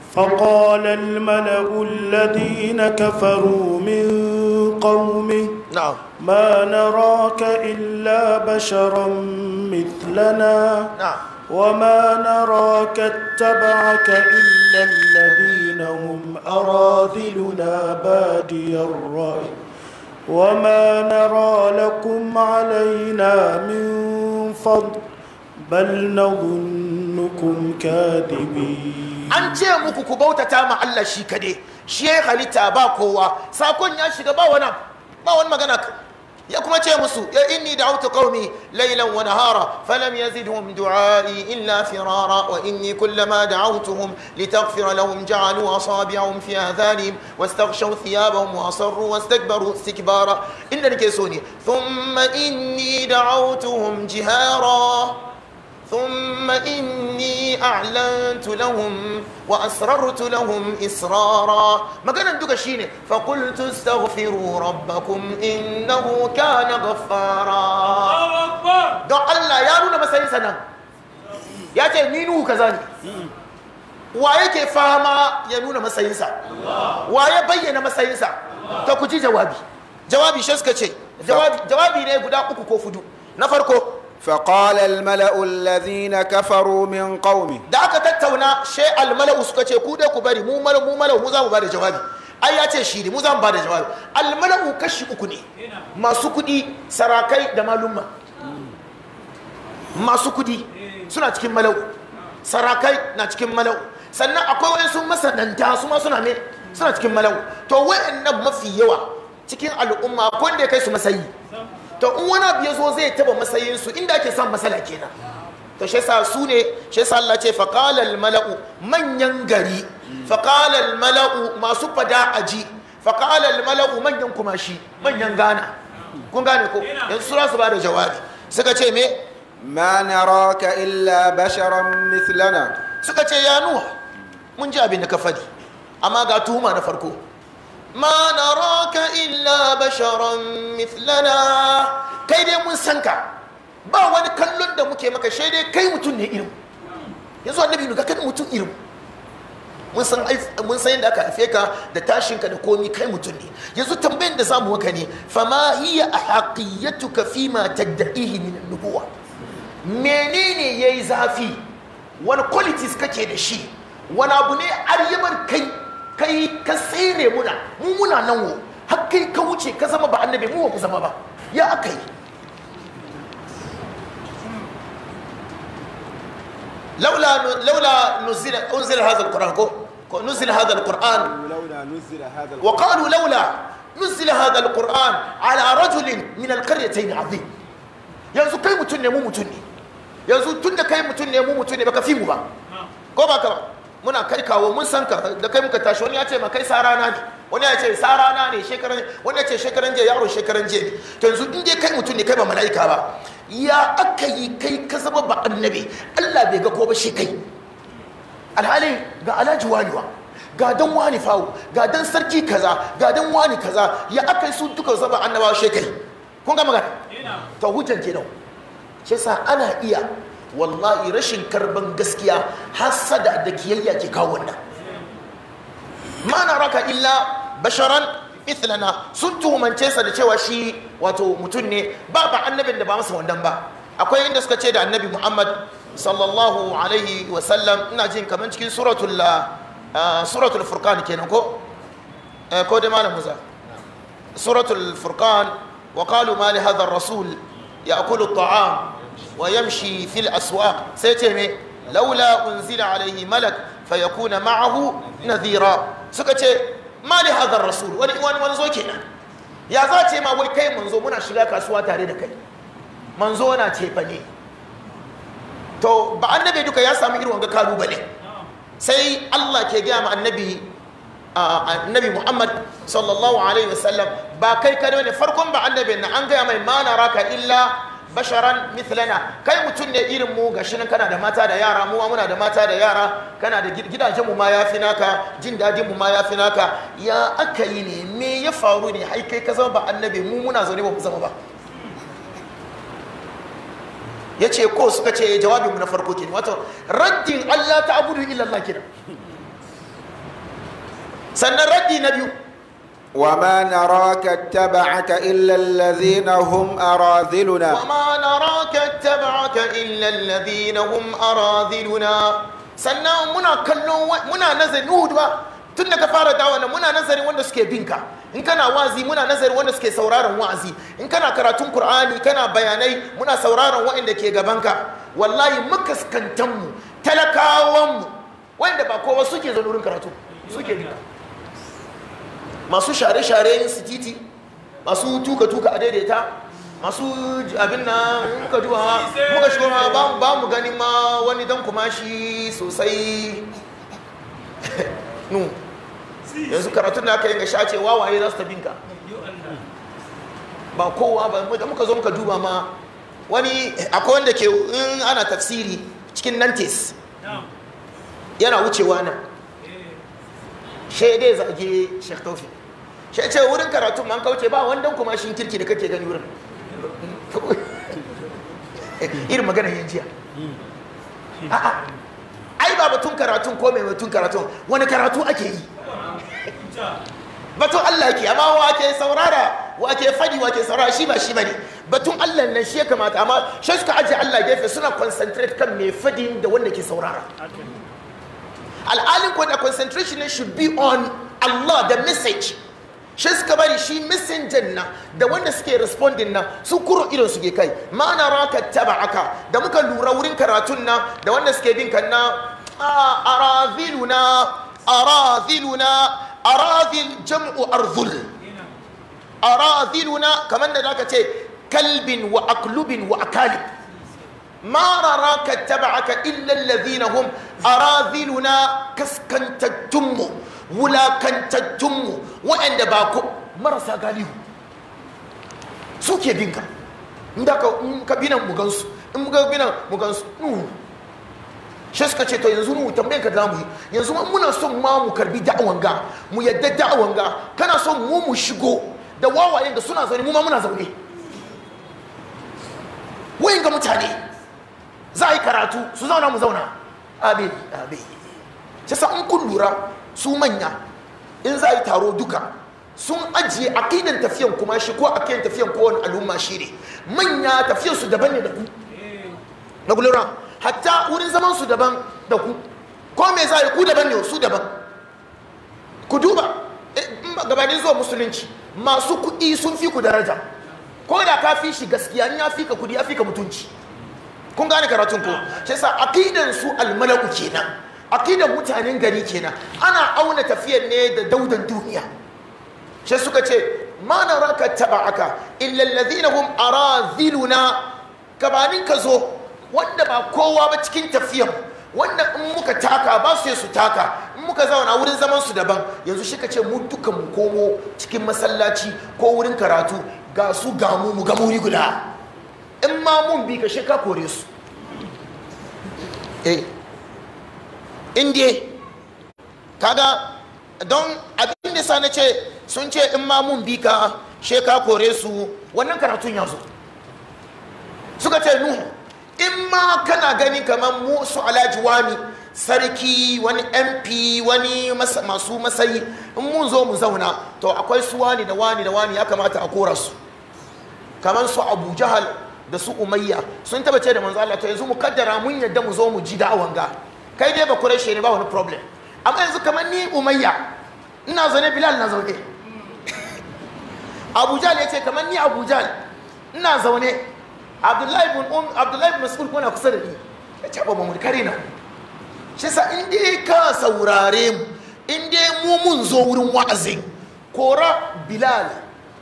فقال الملأ الذين كفروا من قومه نعم ما نراك إلا بشرا مثلنا نعم وما نراك اتبعك إلا الذين هم أراذلنا بادي الرأي وما نرى لكم علينا من فضل bal na gunnukum kadibi an ce muku ku bautata ma Allah shi kade shi ya halitta ba kowa sakon ya shiga ba wani ba wani magana يا كما تيمسو يا إني دعوت قومي ليلا ونهارا فلم يزدهم دعائي إلا فرارا وإني كلما دعوتهم لتغفر لهم جعلوا أصابعهم في آذانهم واستغشوا ثيابهم وأصروا واستكبروا استكبارا إنني كيسوني ثم إني دعوتهم جهارا ثم إني أعلنت لهم وأسررت لهم إسرارا ما كان دوكا شيني فقلت استغفروا ربكم إنه كان غفارا دو الله يا نونا مسايين سنة يا تي كذاني waye ke fama ya nuna matsayinsa waye bayyana matsayinsa ta ku jawabi jawabi shi suka ce jawabi ne guda uku ko fudu na farko فقال الملأ الذين كفروا من قومه da aka tattauna she almala'u suka ce ku dai ku bari mu malau mu malau mu za mu bada jawabi ai ya ce shi ne mu za mu bada jawabi almala'u kashi uku ne masu kudi sarakai da malumma masu kudi suna cikin malau sarakai na cikin malau sannan akwai wani sun masananta su ma suna ne suna cikin malau to wayannan mafi yawa cikin al'umma akwai da ya kai su masayi to in wani abu ya zo zai taba matsayin su inda ake son matsala kenan to shi sa su ne shi sa Allah ce faqala mala'u manyan gari faqala mala'u masu fada aji faqala mala'u manyan kumashi manyan gana kun gane ko yanzu sura su ba da jawabi suka ce me ma naraka illa basharan mithlana suka ce ya nuwa mun ji abin da ka fadi amma ga tuhuma na farko Manaroka naraka illa basharan mithlana kai dai mun san ka ba wani kallon da muke maka shi dai kai mutum ne irin yanzu annabi ga kai mutum irin mun mun san yadda aka haife ka da tashin ka da komi kai mutum ne yanzu tambayin da zamu maka ne fama a ahaqiyatuka fi ma tad'ihi min nubuwa menene yayi zafi wani qualities kake da shi wani abu ne aryabar kai kai ka tsere muna mu muna nan wo har kai ka wuce ka zama ba annabi mu ku zama ba ya aka yi laula laula nuzila unzila hadha alquran ko yanzu kai ne mu mutum ne yanzu kai ne mu mutum ne baka fi mu ba ko ba ka ba muna kai kawo mun san ka da kai muka tashi wani ya ce ma kai sarana ne wani ya ce sarana ne shekaran wani ya ce shekaran jiya yaro shekaran jiya ne. to yanzu in dai kai mutum ne kai ba mala'ika ba ya aka yi kai ka zama ba annabi Allah bai ga ko ba shi kai alhali ga alhaji waliwa ga dan wani fawo ga dan sarki kaza ga dan wani kaza ya aka yi su duka zama annabawa shekai kun ga magana to hujjan kenan shi sa ana iya wallahi rashin karban gaskiya hasada da kiyayya ke kawo wannan ma raka illa basharan mithlana sun tuhumance sa da cewa shi wato mutum ne ba ba annabin da ba masa wandan ba akwai inda suka ce da annabi muhammad sallallahu alaihi sallam. ina jin kamar cikin suratul ah, suratul furqan kenan ko eh, ko dai malam musa suratul furqan wa qalu ma li hadha ar-rasul ya'kulu at-ta'am wa yamshi fil aswaq sai ce me laula unzila alaihi malak fayakuna ma'ahu nadhira suka ce ma li hadha rasul wani wani manzo kenan ya za ce ma wai kai manzo muna shiga kasuwa tare da kai manzo na ce fa ne to ba annabi duka ya samu irin wanga kalubale sai Allah ke gaya ma annabi annabi Muhammad sallallahu alaihi wasallam ba kai kare ne farkon ba annabi na an gaya mai ma raka illa basharan mithlana kai mutum ne irin mu gashi nan kana da mata da yara mu muna da mata da yara kana da gidajen mu ma fi naka jin dadin mu ma fi naka ya aka yi ne me ya faru ne ai kai ka zama ba annabi mu muna zaune ba mu zama ba yace ko suka ce jawabin mu na farko kenan wato raddin Allah ta'budu illa Allah kenan sannan raddi na biyu وما نراك اتبعك إلا الذين هم أراذلنا وما نراك اتبعك إلا الذين هم أراذلنا sannan muna kallon muna nazarin Uhud ba tun da ka fara dawa nan muna nazarin wanda suke binka in kana wazi muna nazarin wanda suke sauraron wa'azi in kana karatun Qur'ani kana bayanai muna sauraron waɗanda ke gabanka wallahi makaskantan mu talakawan mu wanda ba kowa suke zo karatu suke binka masu share-share yin titi masu tuka-tuka a daidaita masu abin na muka duwa muka shigo ma ba mu gani ma wani dan kuma shi sosai nun yanzu karatun da aka yi ga shace wawaye za su tabin ka ba kowa ba muka zo muka duba ma wani akwai wanda ke in ana tafsiri cikin nantes yana wucewa nan shaidai zage shekhtofi shi ce wurin karatun man kauce ba wandan kuma shi kirki da kake gani wurin irin magana yin jiya ai ba batun karatun ko mai batun karatun wani karatu ake yi batun Allah ke amma wa ke saurara wa ke fadi wa ke saurara shi ba shi ne batun Allah nan shi ya kamata amma shi suka aje Allah gefe suna concentrate kan mai fadin da wanda ke saurara al'alin ko concentration should be on Allah the message shi suka bari shi messenger na da wanda suke responding na su kurun idon su ke kai ma'ana raka aka da muka lura wurin karatun na da wanda suke bin kan na araziluna araziluna arazil jam'u arzul araziluna kamar da zaka ce kalbin wa aklubin wa akalib ma raraka taba'aka illa alladhina hum araziluna kaskantattunmu wulakantattunmu waɗanda ba ku marasa galihu ke bin ka in da ka binan mugansu in muka binan mugansu nuhu shi suka ce to yanzu mu tambayin ka zamu yi yanzu muna son ma mu karbi da'awan ga mu yadda da'awan ga kana son mu mu shigo da wawayen da suna zaune mu ma muna zaune wayin ga mutane za a yi karatu su zauna mu zauna abe abe shi sa in kun lura su manya in za a yi taro duka sun ajiye akidan tafiyan kuma shi ko akidan tafiyan kowane al'umma shi ne manya tafiyan su daban ne da ku na gulura hatta wurin zaman su daban da ku ko me za a yi ku daban ne su daban ku duba eh, gabanin zuwa musulunci masu kuɗi sun fi ku daraja ko da ka fi shi gaskiya ya fi ka kuɗi ya fi ka mutunci kun gane karatun ko shi yasa akidan su almalaku kenan aqidan mutanen gari kenan ana auna tafiyar ne da daudan duniya shi suka ce ma taba aka? illa alladhina hum na gabanin ka zo wanda ba kowa ba cikin tafiyar wanda in muka taka ba su su taka in muka zauna wurin zaman su daban yanzu shi ka ce mu duka mu komo cikin masallaci ko wurin karatu ga su gamu mu gamu ga guda in ma mun bi ka shi ka kore su eh. indiya kaga don abin da sani ce sun ce in ma mun bi ka she ka kore su wannan karatun yanzu suka ce nu in ma kana gani kamar mu su alhaji wani sarki wani mp wani masu masayi in mun zo mu zauna to akwai su wani da wani da wani ya kamata a kora su kamar su abu jahal da su umayya sun taba ce da manzala Allah to yanzu mu kaddara mun yadda mu zo mu ji da'awan ga kai dai ba shi ne ba wani problem amma yanzu kamar ni umayya ina zaune bilal na zaune abujal ya ce kamar ni abujal ina zaune abdullahi bin um abdullahi bin kuma na kusa da ni ya ce ba mu kare na shi sa in dai ka saurare mu in dai mu mun zo wurin wa'azin kora bilal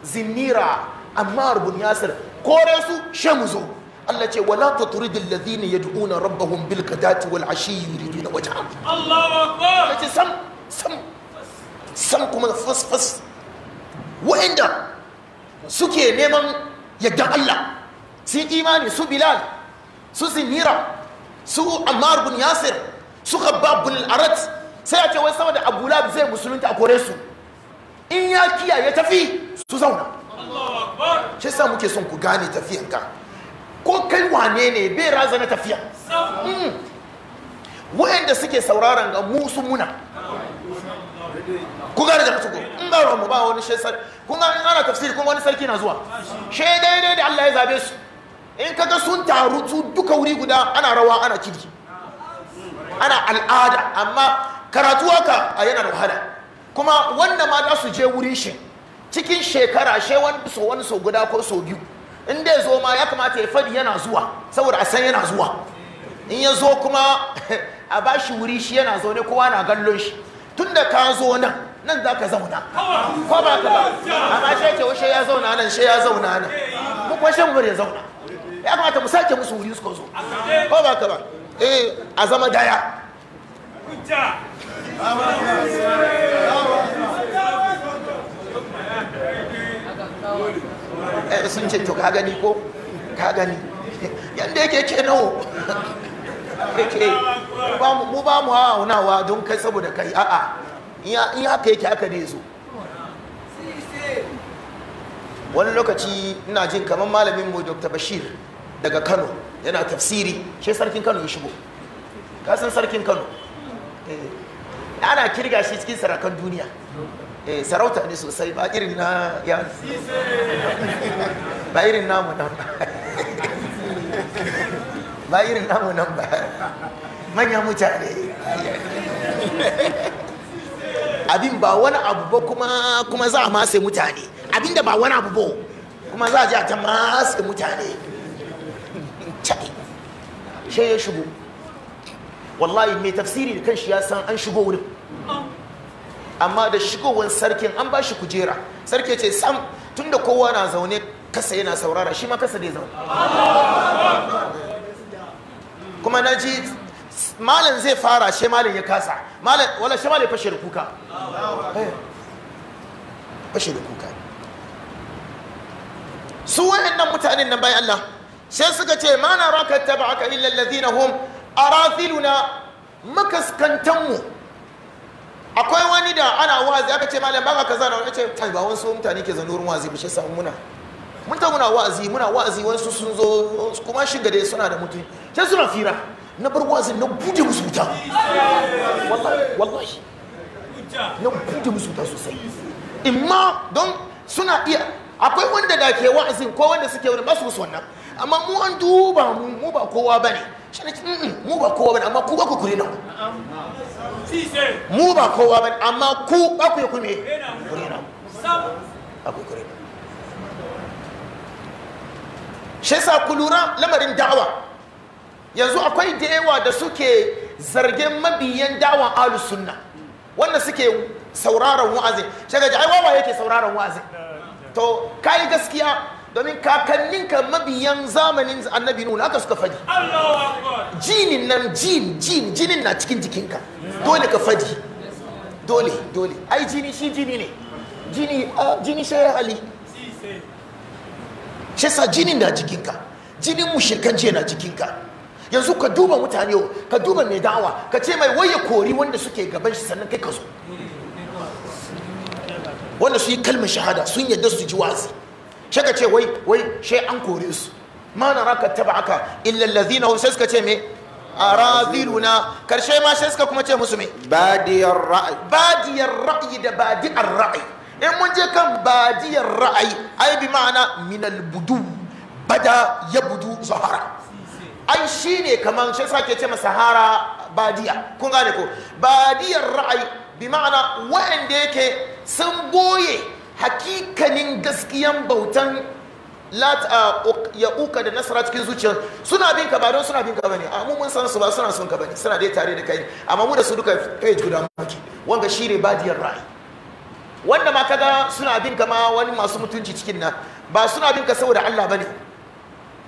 zinnira ammar bin yasir kore su shemu zo Allah ce wala ya ladhina yad'una rabbahum bil qadati wal ashi yuriduna wajha Allahu akbar kace sam sam sam kuma fas wa'inda suke neman yadda Allah su imani su bilal su sinira su ammar bin yasir su khabbab bin arat sai a ce wai saboda abu lab zai musulunta a kore su in ya kiyaye tafi su zauna shi sa muke son ku gane tafiyanka ko kai wane ne bai raza na tafiya hmm. wayanda suke sauraron ga musu muna ku gane da su in ga mu ba wani shesar kun ga ana tafsiri kuma wani sarki na zuwa she daidai da Allah ya zabe su in kaga sun taru su duka wuri guda ana rawa ana kirki ana al'ada amma karatuwa ka a yana da wahala kuma wanda ma za su je wuri shi cikin shekara she wani so wani so guda ko so biyu in dai zo ma ya kamata ya fadi yana zuwa saboda a san yana zuwa in ya zo kuma a ba shi wuri shi yana zaune kowa na gallon shi tun da ka zo nan nan za ka zauna ko ba ka ba amma shi ce wushe ya zauna nan shi ya zauna nan mu kuma shi mu ya zauna ya kamata mu sake musu wuri suka zo ko ba ka ba eh a zama daya Eh, sun ce to ka gani ko ka gani yadda yake ke nawo yake mu ba mu hunawa don kai saboda kai a'a in haka yake haka ne zo wani lokaci ina jin kamar malamin mu dr bashir daga kano yana tafsiri shi sarkin kano ya shigo kasan sarkin kano eh, ana kirga shi cikin sarakan duniya Eh, sarauta ne sosai ba irin na ya ba irin namu nan ba ba irin namu nan ba manyan mutane abin ba wani abu ba kuma za a matse mutane abin da ba wani abu ba kuma za a ji a ta matse mutane shi ya shigo wallahi mai tafsiri da kan shi ya san an shigo wurin amma da shigowar sarkin an ba shi kujera sarki ce sam tun da kowa na zaune kasa yana saurara shi ma kasa dai zaune kuma na ji malam zai fara shi malam ya kasa malin wala shi malin fashe da kuka eh, fashe da kuka su wayannan mutanen nan bayan Allah sai suka ce ma na raka tabaka illa alladhina hum arathiluna makaskantan mu akwai wani da ana wa'azi aka ce malam baka kaza na wani ce tai ba wasu mutane ke zanurin wa'azi bishe samu muna mun ta muna wa'azi muna wa'azi wasu sun zo kuma shi gade suna da mutum sai suna fira na bar wa'azi na bude musu wuta wallahi na bude musu wuta sosai imma don suna iya akwai wanda da ke wa'azin ko wanda suke wani ba su wannan amma mu an duba mu mu ba kowa bane mu ba kowa bane amma ku ba ku kure nan mu ba kowa bane amma ku ba ku yi kume kure nan ku kure ku lura lamarin da'awa yanzu akwai da yawa da suke zargin mabiyan da'awan Alusunna, sunna wanda suke sauraron wa'azin? shi ga ai wawa yake sauraron wa'azin to kai gaskiya domin kakanninka mabiyan zamanin annabi nuna aka suka fadi jinin nan jin jin jinin na cikin jikinka dole ka fadi dole dole ai jini shi jini ne jini jini shi hali shi sa jinin na jikinka jinin shirkan ce na jikinka yanzu ka duba mutane ka duba mai da'awa ka ce mai waye kori wanda suke gaban shi sannan kai ka zo wanda su yi kalmar shahada sun yadda su ji wazi shi ka ce wai wai shi an kore su ma na raka taba aka illallazina sai suka ce me araziluna karshe ma sai suka kuma ce musu me badiyar ra'ayi badiyar ra'ayi da badiyar ra'ayi in mun je kan badiyar ra'ayi ai bi ma'ana minal budu bada ya budu zahara ai shine kaman shi ke ce masa sahara badiya kun gane ko badiyar ra'ayi bi ma'ana wa'anda yake sun boye hakikanin gaskiyan bautan ya uka da nasara cikin zuciya suna bin ka ba don suna bin ka bane a mun san su ba suna sun ka bane suna dai tare da kai amma mu da su duka kai guda maki wanga ba badiyar rai wanda ma kaga suna bin ka ma wani masu mutunci cikin nan ba suna bin ka saboda Allah bane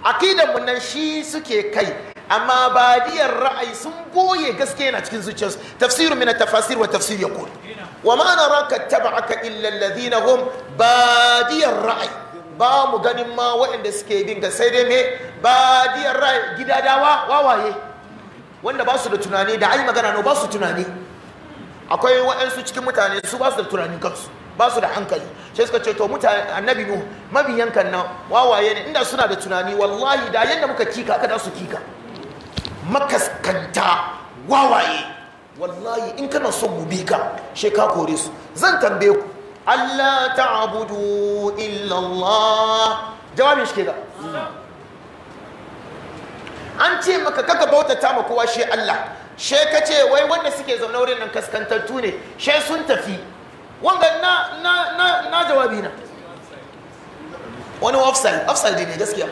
aqidan mun nan shi suke kai amma badiyar ra'ayi sun boye gaske yana cikin zuciyarsu tafsiru mina tafasir wa tafsir yaqul wa ma taba aka illa alladhina hum badiyar ra'ayi ba mu ganin ma waɗanda suke bin ga sai dai me badiyar ra'ayi dawa wawaye wanda ba su da tunani da ai magana no ba su tunani akwai waɗansu cikin mutane su ba su da tunanin kansu ba su da hankali sai suka ce to mutane annabi nu kan nan wawaye ne inda suna da tunani wallahi da yanda muka kika aka da su kika makaskanta wawaye wallahi in kana son mu bi ka she ka kore su zan tambaye ku Allah ta'budu illa Allah jawabin shi kenan an ce maka kaka bautata ma kowa she Allah she kace ce wai wanda suke zaune wurin nan kaskantattu ne she sun tafi wanda na na na jawabi na wani offside offside ne gaskiya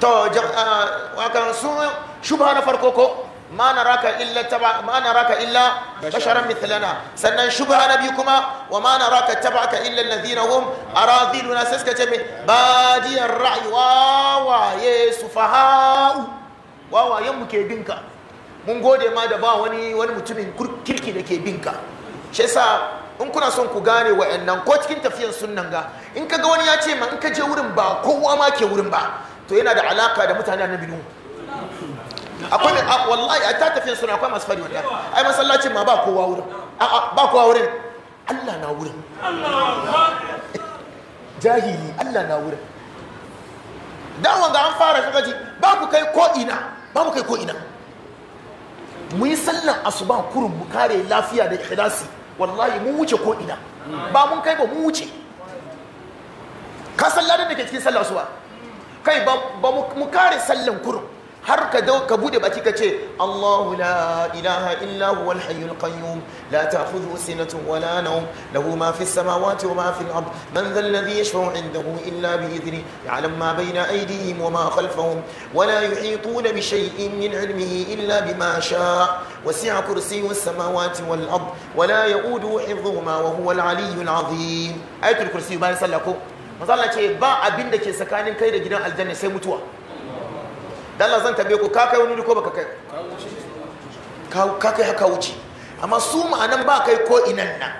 to ah, wakan sun shubha na farko ko ma naraka illa taba ma naraka illa basharan mithlana sannan shubha na biyu kuma wa ma taba ka illa alladhina hum aradiluna saska ce me badiyar ra'yi wawaye Wa wawayen mu ke binka mun gode ma da ba wani wani mutumin kirki da ke binka shi yasa in kuna son ku gane wa'annan ko cikin tafiyan sunnan ga in ka ga wani ya ce ma in ka je wurin ba kowa ma ke wurin ba to yana da alaka da mutane na nuhu akwai wallahi a ta tafiya suna akwai masu fari wanda ai masallacin ma ba kowa wurin ba kowa wurin Allah na wurin jahili Allah na wurin dan wanda an fara suka ji ba ku kai ko ina ba mu kai ko ina mu yi sallan asuba kurum mu kare lafiya da ikhlasi wallahi mun wuce ko ina ba mun kai ba mu wuce ka sallar da ke cikin sallar asuba kai ba mu kare sallan kurum har ka bude baki ka ce Allahu la ilaha illa huwa al-hayyul qayyum la ta'khudhuhu sinatun wa la nawm lahu ma samawati wa ma ard man dhal ladhi yashfa'u 'indahu illa bi idhni ya'lam ma bayna aydihim wa ma khalfahum wa la yuhituna bi shay'in min 'ilmihi illa bima sha'a wasi'a kursiyyu as-samawati wal ard wa la ya'uduhu hifdhuhuma wa huwa al-'aliyyul ayatul kursi bayan sallako mazala ce ba abin da ke tsakanin kai da gidan aljanna sai mutuwa dalla zan tabe ku ka kai wani ko baka kai ka kai haka wuce amma su ma'anan ba kai ko inan nan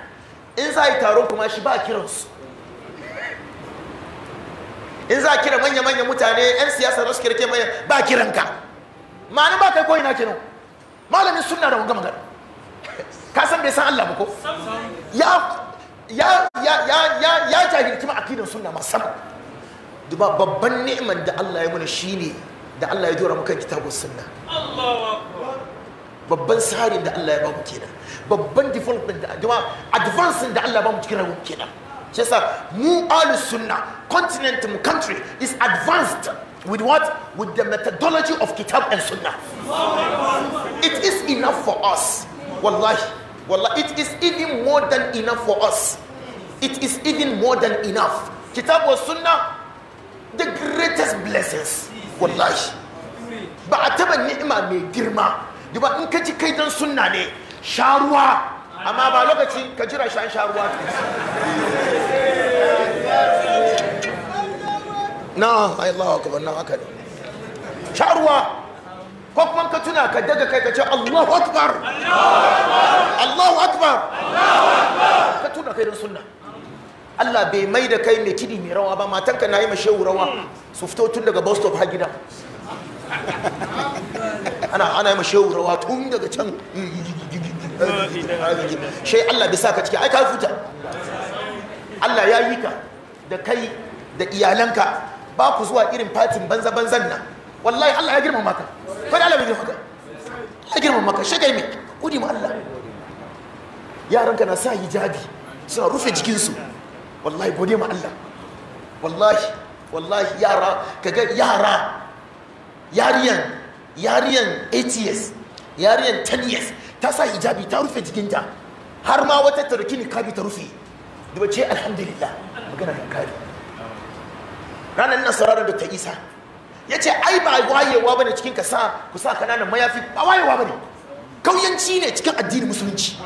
in za a yi taron kuma shi ba kiransu in za a kira manya-manya mutane 'yan siyasa da su kira manya ba kiranka ma'anan ba kai ko ina kiran malamin sunna da wanga magana ka san bai san Allah ba ko ya ya ya ya ya ya duba babban neman da Allah ya shi ne da Allah ya jora mu kan kitabun sunna babban tsarin da Allah ya ba mu kenan babban development da jama'a advancing da Allah ya ba mu cikin rayuwar kenan shi yasa mu ahlus sunna continent mu country is advanced with what with the methodology of kitab and sunnah it is enough for us wallahi Wallah, it is even more than enough for us. It is even more than enough. Kitab wa Sunnah, the greatest blessings. Wallahi. Ba a taba ni'ima mai girma. Da ba in ka ji kai dan sunna ne, sharuwa Amma ba lokaci ka jira shan sharuwa. ruwa. Na, Allah akbar, na haka ne. Sha ruwa. ko kuma ka tuna ka daga kai ka ce Allahu akbar Allahu akbar ka tuna kai don sunna Allah bai mai da kai mai kidi mai rawa ba matanka na yi mashe rawa su fito tun daga bus stop har gida ana ana yi mashe rawa tun daga can shai Allah bai sa ka ciki ai ka futa Allah ya yi ka da kai da iyalanka ba ku zuwa irin fatin banza-banzan nan wallahi Allah ya girmama ka kai Allah bai girmama ka ya girmama ka shegai kai me kudi ma Allah yaranka na sa hijabi suna rufe jikinsu wallahi gode ma Allah wallahi wallahi yara kaga yara yariyan yariyan 8 years yariyan 10 years ta sa hijabi ta rufe jikinta har ma wata ka bi ta rufe da ce alhamdulillah magana kan kari ranar nasara da ta isa ya ce ai ba wayewa ba ne cikin ka sa ku sa kananan mayafi ba wayewa ba ne kauyanci ne cikin addinin musulunci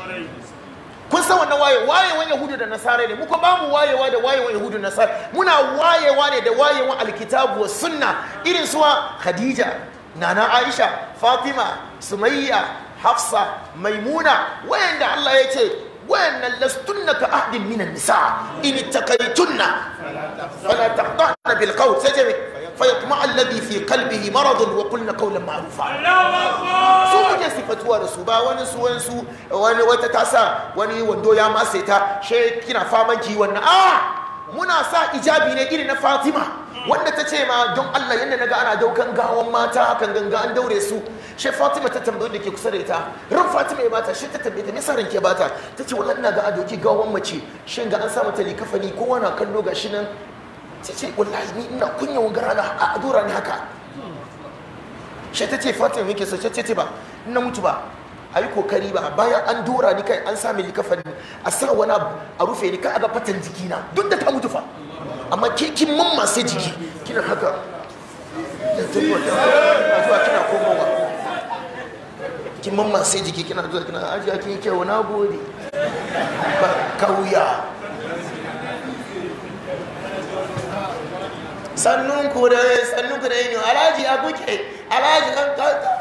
kun san wannan waye wayewan yahudu da nasara ne muka bamu mu wayewa da wayewan yahudu da nasara muna wayewa ne da wayewan alkitabu wa sunna irin suwa khadija nana aisha fatima sumayya hafsa maimuna wayanda allah ya ce wayannan lastunna ka ahdin minan nisa in takaitunna fala taqta bil qawl sai فيطمع الذي في قلبه مرض وقلنا قولا معروفا su kuke sifatuwa da su ba wani su wani su wani wata ta sa wani wando ya matse ta she kina faman ki wannan a muna sa ijabi ne irin na Fatima wanda ta ce ma don Allah yadda naga ana daukan gawan mata kan ganga an daure su she Fatima ta tambaye da kusa da ita ran Fatima ya bata she ta tambaye ta misa ranke bata ta ce wallahi na ga a doki gawan mace shin ga an sa mata likafani kowa na kallo gashi nan sai ce wallahi ni ina kunyan wanga rana a dora ni haka shi ta ce fatima yake so ce ce ba ina mutu ba a yi kokari ba bayan an dora ni kai an sami likafan ni a sa wani a rufe ni ka aga fatan jikina duk da ta mutu fa amma ke kin mamma sai jiki kina haka da zuwa kina komowa kin mamma sai jiki kina zuwa kina ajiya kin kyau na gode ba kauya sannun ku da sannun ku da yini alhaji a kuke alhaji kan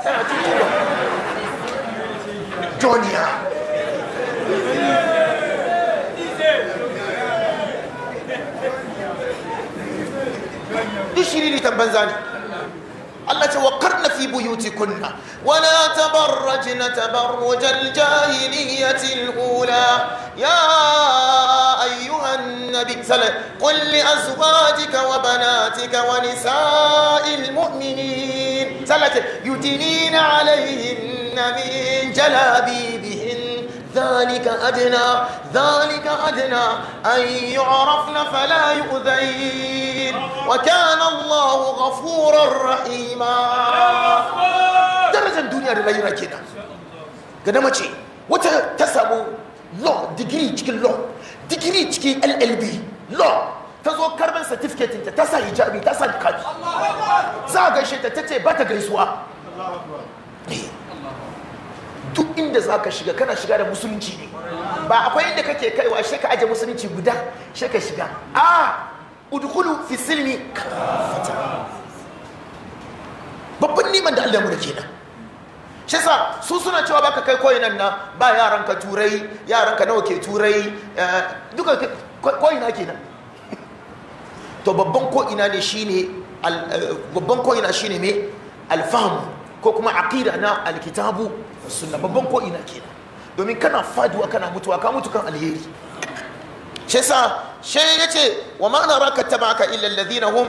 tana tutuwa duniya duk shiri ne tamban الله توقرنا في بيوتكن ولا تبرجن تبرج الجاهلية الأولى يا أيها النبي صلى قل لأزواجك وبناتك ونساء المؤمنين صلى يدنين عليهن من جلابيبهن ذلك أدنى ذلك أدنى أن يعرفن فلا يؤذين وكان الله غفورا رحيما darajar duniya da layira kenan ga mace wata ta samu digiri cikin law digiri cikin llb law ta zo karban certificate ta ta sa hijabi ta sa kaji za a gaishe ta ta ce ba ta gaisuwa duk inda za ka shiga kana shiga da musulunci ne ba akwai inda kake kaiwa shi ka aje musulunci guda shi ka shiga a udkhulu fi silmi kafata babban niman da Allah mu da kenan shi sa su suna cewa baka kai koyi nan na ba yaran ka turai yaran ka nawa ke turai eh, duka koyi na kenan to babban ko ina ne shine eh, babban ko ina shine me alfahmu ko kuma aqida na alkitabu suna babban ko'ina ke kenan domin kana faduwa kana mutuwa ka mutu kan alheri shi sa shi yace wa ma ana raka tabaka illa alladhina hum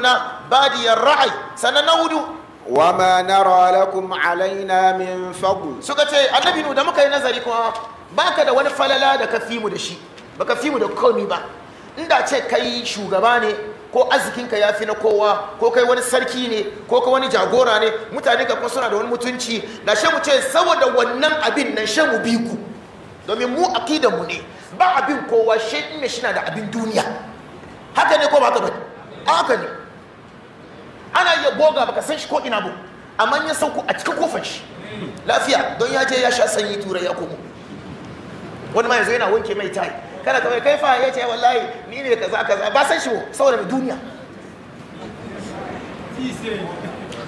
na badiyar ra'ai sannan na hudu wa ma nara alaina min fadl suka ce annabi nu da muka yi nazari kuma baka da wani falala da ka fi mu da shi baka fi mu da komi ba inda ce kai shugaba ne ko arzikinka ya fi na kowa ko kai wani sarki ne ko kai wani jagora ne mutane ka kuma suna da wani mutunci na shemu ce saboda wannan abin na shemu mu bi ku domin mu akidan mu ne ba abin kowa shi ne shi da abin duniya haka ne ko ba haka ba haka ne ana iya boga baka san shi ko ina ba amma ya sauko a cikin kofar shi lafiya don ya je ya sha sanyi turai ya komo wani ma yanzu yana wanke mai tayi kana kawai kai fa ya ce wallahi ni ne kaza kaza ba san shi saboda mai duniya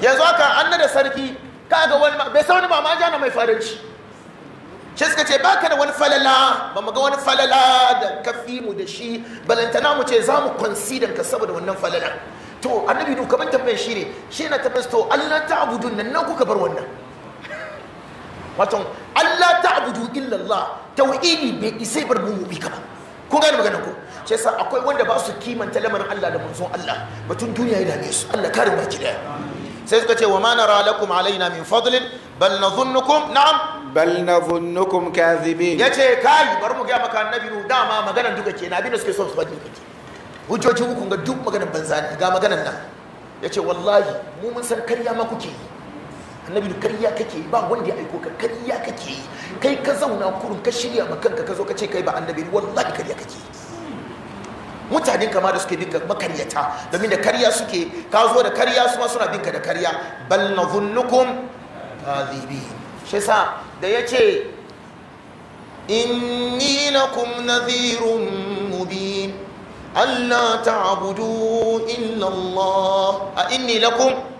yanzu haka an da sarki kaga wani bai sauni mama ma jana mai faranci shi suka ce baka da wani falala ba mu ga wani falala da kafi mu da shi balantana mu ce za mu consider ka saboda wannan falala to annabi duk kamar tambayar shi ne shi na tabbas to Allah ta abudun nan na kuka bar wannan wato Allah ta'budu illa Allah tauhidi bai isai bar mu bi ka ba ko gane magana ko shi yasa akwai wanda ba su kimanta lamarin Allah da manzon Allah batun duniya ya dame su Allah karin baki daya sai suka ce wa ma nara lakum alaina min fadlin bal nadhunnukum na'am bal nadhunnukum kadhibin yace kai bari mu ga maka annabi nu dama maganar duka kenan abin da suke so su faɗi kake hujjoji uku ga duk maganar banza ga maganar nan ya ce wallahi mu mun san karya ma kuke yi annabi karya kake ba wanda ya aiko ka karya kake kai ka zauna kurun ka shirya ma kanka ka zo ka ce kai ba annabi wallahi karya kake mutanen kama da suke ka makaryata domin da karya suke ka zo da karya su ma suna dinka da karya bal nadhunnukum kadhibin shi sa da yace inni lakum nadhirun mubin alla ta'budu illa Allah a inni lakum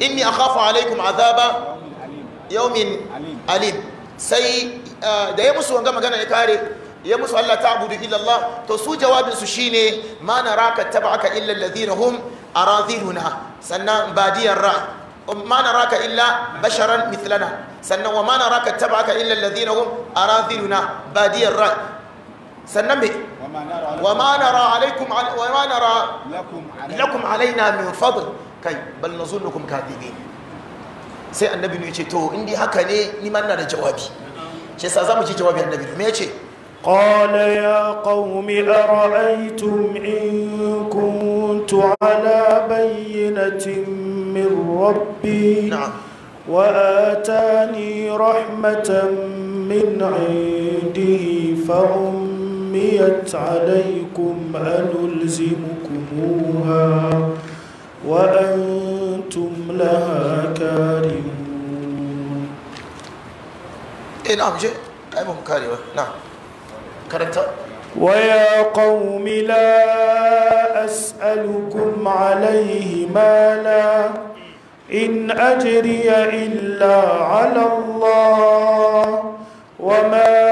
inni akhafu alaikum azaba yaumin alim sai ah, da ya musu wanga magana ya kare ya musu Allah ta'budu illa Allah to su jawabin su shine ma taba aka illa alladhina hum aradhiluna sannan badiyar ra um, ma naraka illa basharan mithlana sannan wa ma taba aka illa alladhina hum aradhiluna badiyar ra sannan me wa ma nara alaikum wa ma nara lakum alaina min fadl kai bal na zo nukun kafiri sai annabi ne ya ce to indi haka ne ni na da jawabi shi sa za mu ji jawabi annabi ne ya ce qala ya a ara'aytum in kuntu ala bayyinatin min rabbi na'am wa atani rahmatan min indihi fa ummiyat alaykum an ulzimukumuha وأنتم لها كارهون إيه نعم جي أمهم كارهة نعم كرنت ويا قوم لا أسألكم عليه مالا إن أجري إلا على الله وما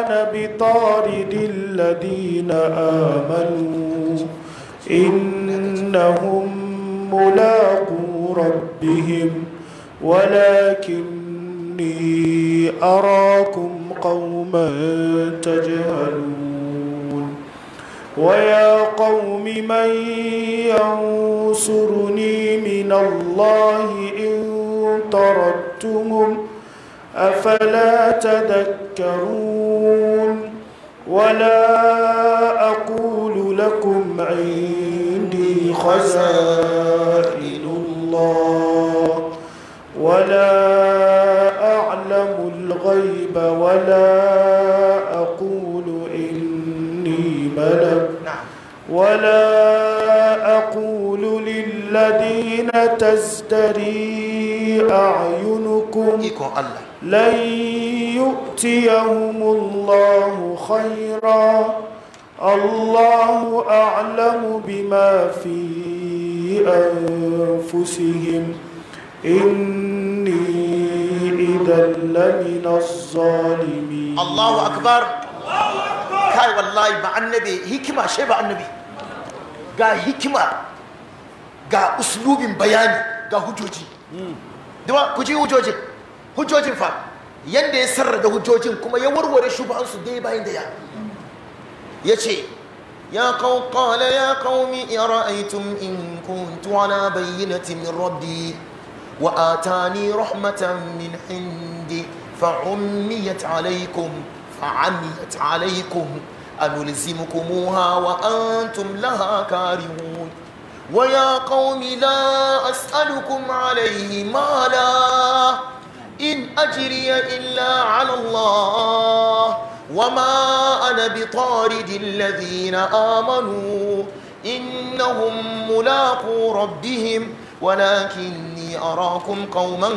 أنا بطارد الذين آمنوا إنهم ملاقو ربهم ولكني أراكم قوما تجهلون ويا قوم من ينصرني من الله إن طردتهم أفلا تذكرون ولا أقول لكم عندي خزائن الله ولا أعلم الغيب ولا أقول إني ملك ولا أقول للذين تزدري أعينكم لن يؤتيهم الله خيرا الله أعلم بما في أنفسهم إني إذا لمن الظالمين الله أكبر kai wallahi ba annabi hikima she ba annabi ga hikima ga uslubin bayani ga hujjoji hmm. dama ku ji hujjojin fa yadda ya da hujjojin kuma ya warware shubuhansu dai bayan da ya ya ce ya kawo kala ya kawo mi ira'aitun in kuntu ala bayyanati timin rabbi wa atani rahmatan min hindi fa'ummiyat alaikum fa'amiyat alaikum أنلزمكموها وأنتم لها كارهون ويا قوم لا أسألكم عليه مالا إن أجري إلا على الله وما أنا بطارد الذين آمنوا إنهم ملاقو ربهم ولكني أراكم قوما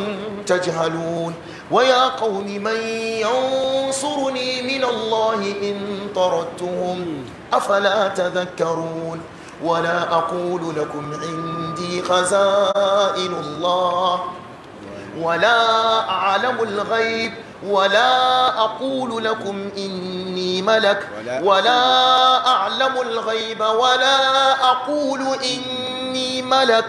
تجهلون ويا قوم من ينصرني من الله إن طردتهم أفلا تذكرون ولا أقول لكم عندي خزائن الله ولا أعلم الغيب ولا أقول لكم إني ملك ولا أعلم الغيب ولا أقول إني ملك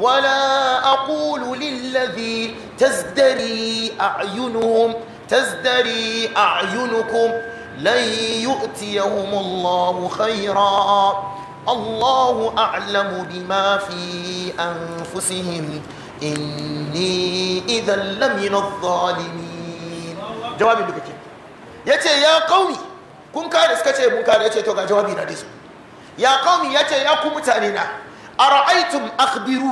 ولا أقول للذي تزدري أعينهم تزدري أعينكم لن يؤتيهم الله خيرا الله أعلم بما في أنفسهم inni idan lamina zalimin jawabin da kake ya ce ya kauni kun kare suka ce mun kare ya ce to ga jawabi na disu ya kauni ya ce ya ku mutane na a ra'aitum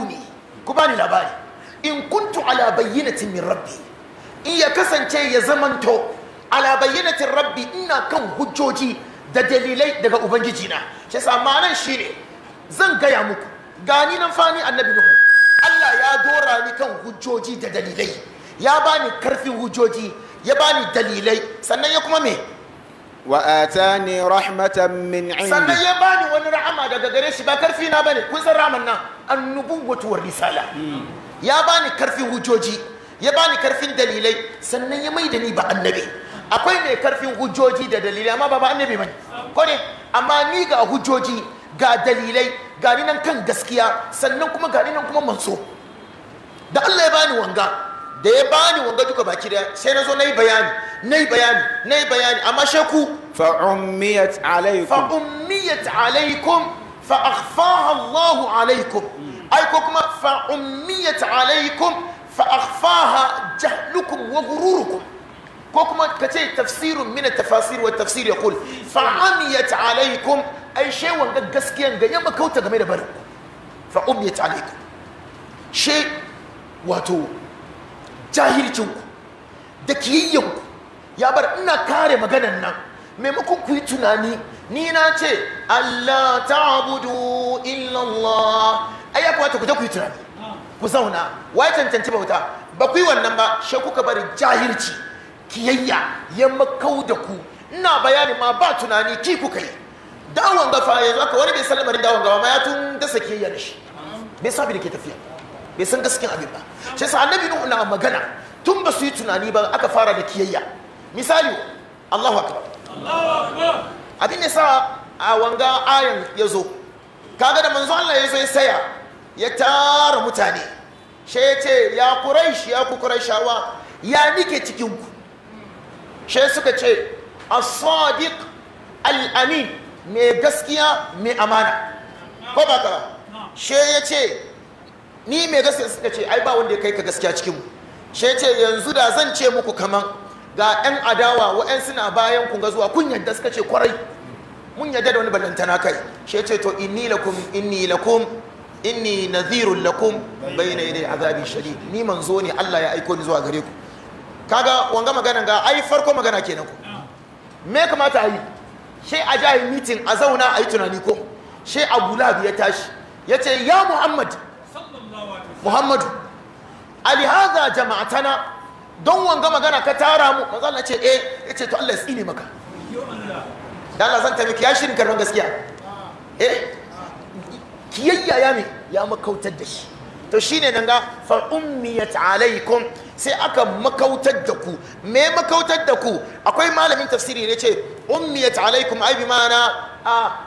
ne. ku ba ni labari in kuntu ala bayyinatin min rabbi in ya kasance ya zamanto ala bayyanatin rabbi ina kan hujjoji da dalilai daga ubangiji na shi sa ma'anan shine zan gaya muku gani nan fani annabi nuhu Allah ya dora ni kan hujjoji da dalilai ya bani karfin hujjoji ya bani dalilai sannan ya kuma me wa atani rahmatan min indi sannan ya bani wani rahama daga gare shi ba karfi na bane kun san rahaman nan annubuwatu war risala hmm. ya bani karfin hujjoji ya bani karfin dalilai sannan ya mai da ni ba annabi akwai mai karfin hujjoji da dalilai amma ba ba annabi bane ko ne amma ni ga hujjoji ga dalilai gani nan kan gaskiya sannan kuma gani nan kuma manso da Allah ya bani wanga da ya bani wanga duka baki da sai na zo na yi bayani na yi bayani na yi bayani amma shaku fa'ummiyat alaikum fa'ummiyat alaikum fa'akhfaha Allah alaikum ai ko kuma fa'ummiyat alaikum fa'akhfaha jahlukum wa ghururukum ko kuma ka ce tafsirun mina tafasir wa tafsir yaqul fa amiyat alaykum ai she wanga gaskiyan ga yamma kauta game da barin fa umiyat alaykum she wato jahilcin ku da kiyayyen ku ya bar ina kare maganan nan maimakon ku yi tunani ni na ce Allah ta'budu illa Allah ai ya kamata ku je ku yi tunani ku zauna wai cancanci bauta ba ku yi wannan ba she kuka bari jahilci kiyayya ya makau da ku ina bayani ma ba tunani ki ku yi dawon gafa yanzu aka wani bai san lamarin dawon gafa ma ya tun dasa kiyayya da shi bai sabi da ke tafiya bai san gaskiyan abin ba shi sa annabi nuhu na magana tun ba su yi tunani ba aka fara da kiyayya misali Allahu akbar abin da sa a wanga ayan ya zo kaga da manzo Allah ya zo ya saya ya tara mutane shi ya ce ya quraish ya ku quraishawa ya nike cikin shi suka ce a sadiq al mai gaskiya mai amana ko ba ka shi ya ce ni mai gaskiya suka ce ai ba wanda ya kai ka gaskiya cikinmu. shi ya ce yanzu da zan ce muku kaman ga 'yan adawa wa'yan suna bayan ku ga zuwa kun yadda suka ce kwarai mun yadda da wani balantana kai shi ce to inni lakum inni lakum inni nadhirul lakum bayna yaday azabi shadid ni manzo ne Allah ya aiko ni zuwa gare ku kaga wanga magana ga ai farko magana kenan ku me kamata a yi shi a jahi mitin a zauna a yi tunani ko shi abu labi ya tashi ya ce ya muhammad muhammadu alihaza jama'atana don wanga magana ka tara mu maza na ce eh ya ce to allah tsine maka dala zan miki ya shirin karban gaskiya eh kiyayya ya me ya makautar da shi to shine nan ga fa ummiyat alaikum sai aka makautar da ku me makautar da ku akwai malamin tafsiri ne ce ummiyat alaikum ai bi mana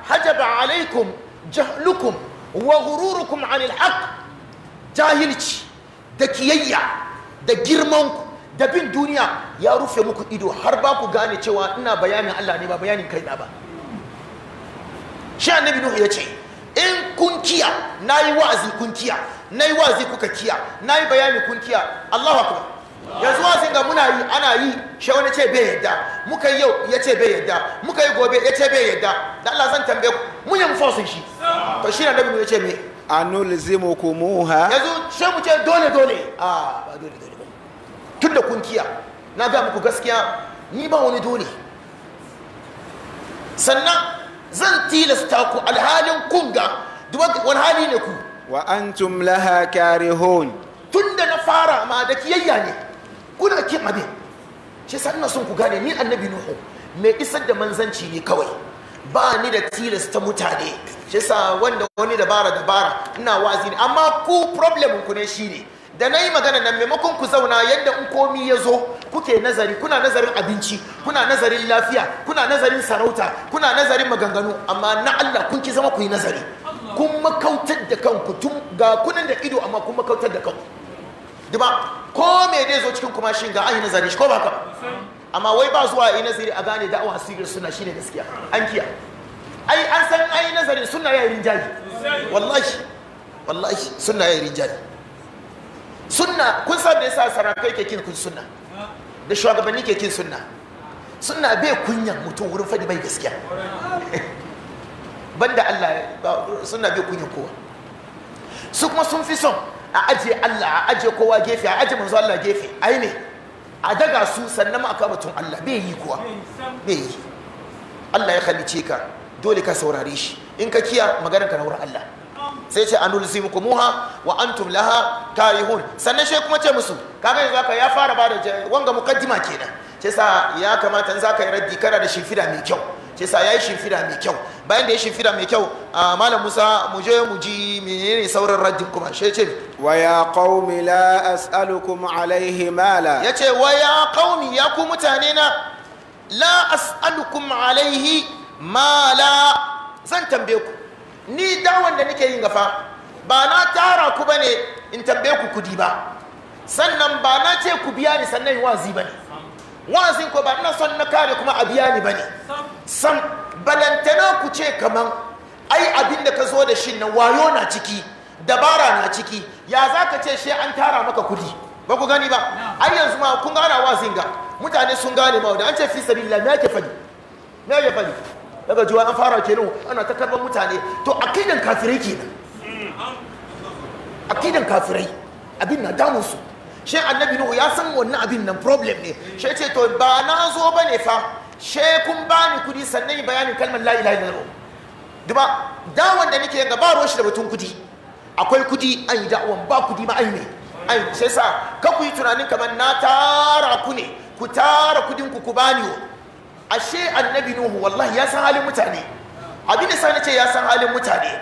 hajaba alaikum jahlukum wa ghururukum anil haqq jahilci da kiyayya da girman da bin duniya ya rufe muku ido har ba ku gane cewa ina bayanin Allah ne ba bayanin kai ba shi annabi nuhu ya ce in kun kiya nayi wa'azi kun kiya na yi wazi kuka kiya na yi bayani kun kiya allahu akbar yanzu wazin ga muna yi ana yi shi wani ce bai yadda muka yau ya ce bai yadda muka yi gobe ya ce bai yadda da allah zan tambaye ku mun yi mufosin shi to shi na nabi ya ce me anu lizimu ha. yanzu sai mu ce dole dole a ba dole dole ba tun da kun kiya na ga muku gaskiya ni ba wani dole sannan zan tilasta ku alhalin kunga wani hali ne ku wa an laha karihun tun da na fara ma da kiyayya ne kuna kin abin shi yasa sun ku gane ni annabi nuhu mai isar da manzanci ne kawai ba ni da ta mutane shi sa wanda wani dabara dabara ina wazi ne amma ku problem ku ne shi ne. da na yi magana nan maimakon ku zauna yadda in komi ya zo kuke nazari kuna nazarin abinci kuna nazarin lafiya kuna nazarin sarauta kuna nazarin maganganu amma na Allah kun ki zama ku yi nazari kun makautar da kanku tun ga kunan da ido amma kun makautar da kanku duba ko me dai zo cikin kuma shin ga ayi nazari ko ba ka amma wai ba zuwa yi nazari a gane da'awa hasirin suna shine gaskiya an kiya ai an san an nazari nazarin suna yayi rinjali wallahi wallahi suna yayi rinjali suna kun san da yasa sarakai ke kin kun suna da shugabanni ke kin suna suna bai kunyan mutum wurin fadi bai gaskiya banda Allah suna bi kunya kowa su kuma sun fi son a ajiye Allah a kowa gefe a ajiye manzo Allah gefe ai ne a daga su sannan aka batun Allah bai yi kuwa bai yi Allah ya halice ka dole ka saurare shi in ka kiya maganar ka na wurin Allah sai ce an muku muha wa antum laha karihun sannan shi kuma ce musu kaga yanzu aka ya fara bada wanga mukaddima kenan sai sa ya kamata in zaka yi raddi kana da shifida mai kyau shi ya yayi shimfida mai kyau bayan da ya shimfida mai kyau malam Musa mu je mu ji menene sauran raddin kuma shi yace wa ya qaumi la as'alukum alaihi mala yace wa ya qaumi ya ku mutane na la as'alukum alaihi mala zan tambaye ku ni da da nake yin gafa ba na tara ku bane in tambaye ku kudi ba sannan ba na ce ku biya ni sannan wazi bane wa'azin ko ba ina son na kare kuma a biya ni bane sam balantana ku ce kaman ai abin da ka zo da shi na wayo na ciki dabara na ciki ya za ka ce shi an tara maka kudi ba ku gani ba ai yanzu ma kun gane wazin ga mutane sun gane ma da an ce fi sabilillah me yake fadi me yake fadi daga juwa an fara kenan ana ta karban mutane to akidan kafirai kenan hmm. akidan kafirai abin na damun su shi annabi nuhu ya san wannan abin nan problem ne shi ce to ba na zo ba ne fa Shekun kun ba ni kudi sannan yi bayanin kalmar la ilaha illallah duba dawon da nake ga ba ruwan da batun kudi akwai kudi an yi da'awan ba kudi ma ai ne ai shi yasa ka ku yi tunanin kamar na tara ku ne ku tara kudin ku ku bani ashe annabi nuhu wallahi ya san halin mutane abin da sa ce ya san halin mutane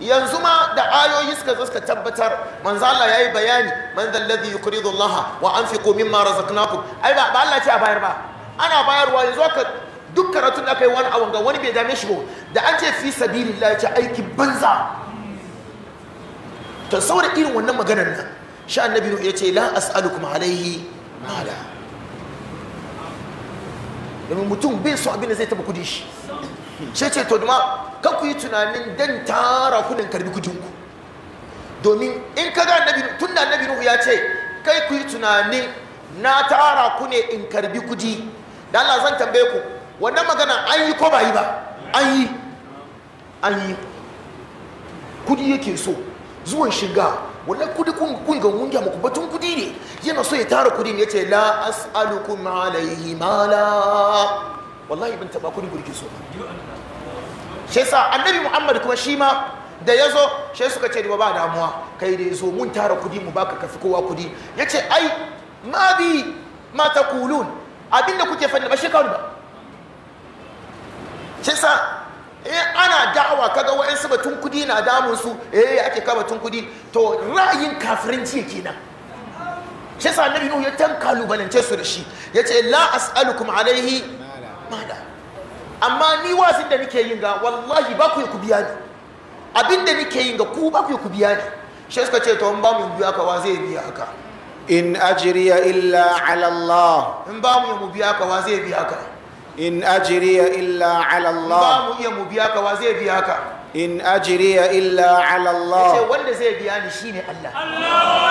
yanzu ma da ayoyi suka zo suka tabbatar manzo Allah yayi bayani man zal ladhi yuqridu Allah wa anfiqu mimma razaqnakum ai ba Allah ce a bayar ba ana bayarwa yanzu ka duk karatun da kai wani awon ga wani bai dame shi ba da an ce fi sabilillah ce aiki banza to saboda irin wannan maganar nan sha annabi ya ce la as'alukum alaihi mala domin mutum bai so abin da zai taba kudi shi sai ce to duma ka ku yi tunanin dan tara ku karbi kujinku domin in ka ga annabi tun da annabi nuhu ya ce kai ku yi tunanin na tara ku ne in karbi kudi da Allah zan tambaye ku wannan magana an yi ko ba yi ba an yi an yi kudi yake so zuwan shiga wannan kudi kun kun ga mun ga muku batun kudi ne yana so ya tara kudi ne yace la as'alukum alayhi mala wallahi ban taba kudi gurki so shi sa annabi muhammad kuma shi ma da ya zo shi suka ce ba damuwa kai da ya zo mun tara kudi mu baka kafi kowa kudi ya ce ai ma bi ma kulun abinda kuke fanni ba shekaru ba shi sa eh, ana da'awa kaga wa'ansu batun kudi na damun su eh ake ka batun kudi to ra'ayin kafirinci yake nan shi sa annabi nuhu ya tanka lubalance su da shi ya ce la as'alukum alaihi mala amma ni wa da nake yin ga wallahi ba ku yi ku biya ni abin da nake yin ga ku ba ku yi ku biya ni shi suka ce to in ba mu biya ka wa zai biya ka in ajriya illa ala Allah in ba mu mu biya ka wa zai biya ka in ajriya illa ala Allah ba mu iya mu biya ka wa zai biya ka in ajriya illa ala Allah sai wanda zai biya ni shine Allah Allahu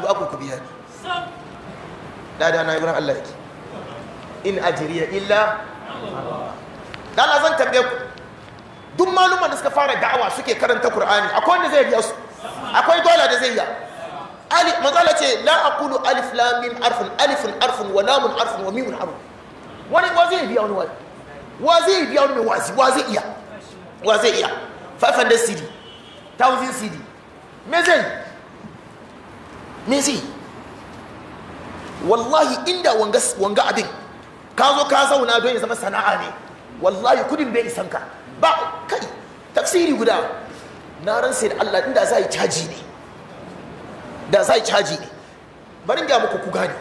akbar aku ku biya ni da da na ibrahim Allah yake in ajriya illa dala zan tambaye ku duk maluman da suka fara da'awa suke karanta qur'ani akwai wanda zai biya su akwai dole da zai biya ali matsala ce la aqulu alif lam mim arfun alifun arfun wa lamun arfun wa mimun harfun wani wa zai biya wani wani wa zai biya wani wazi wa zai iya wa zai iya 500 cd 1000 cd me zai me zai wallahi inda wanga wanga abin ka zo ka zauna don ya zama sana'a ne wallahi kudin bai isan ka ba kai tafsiri guda na ran sai da Allah inda za yi caji ne da za yi caji ne barin ga muku ku gane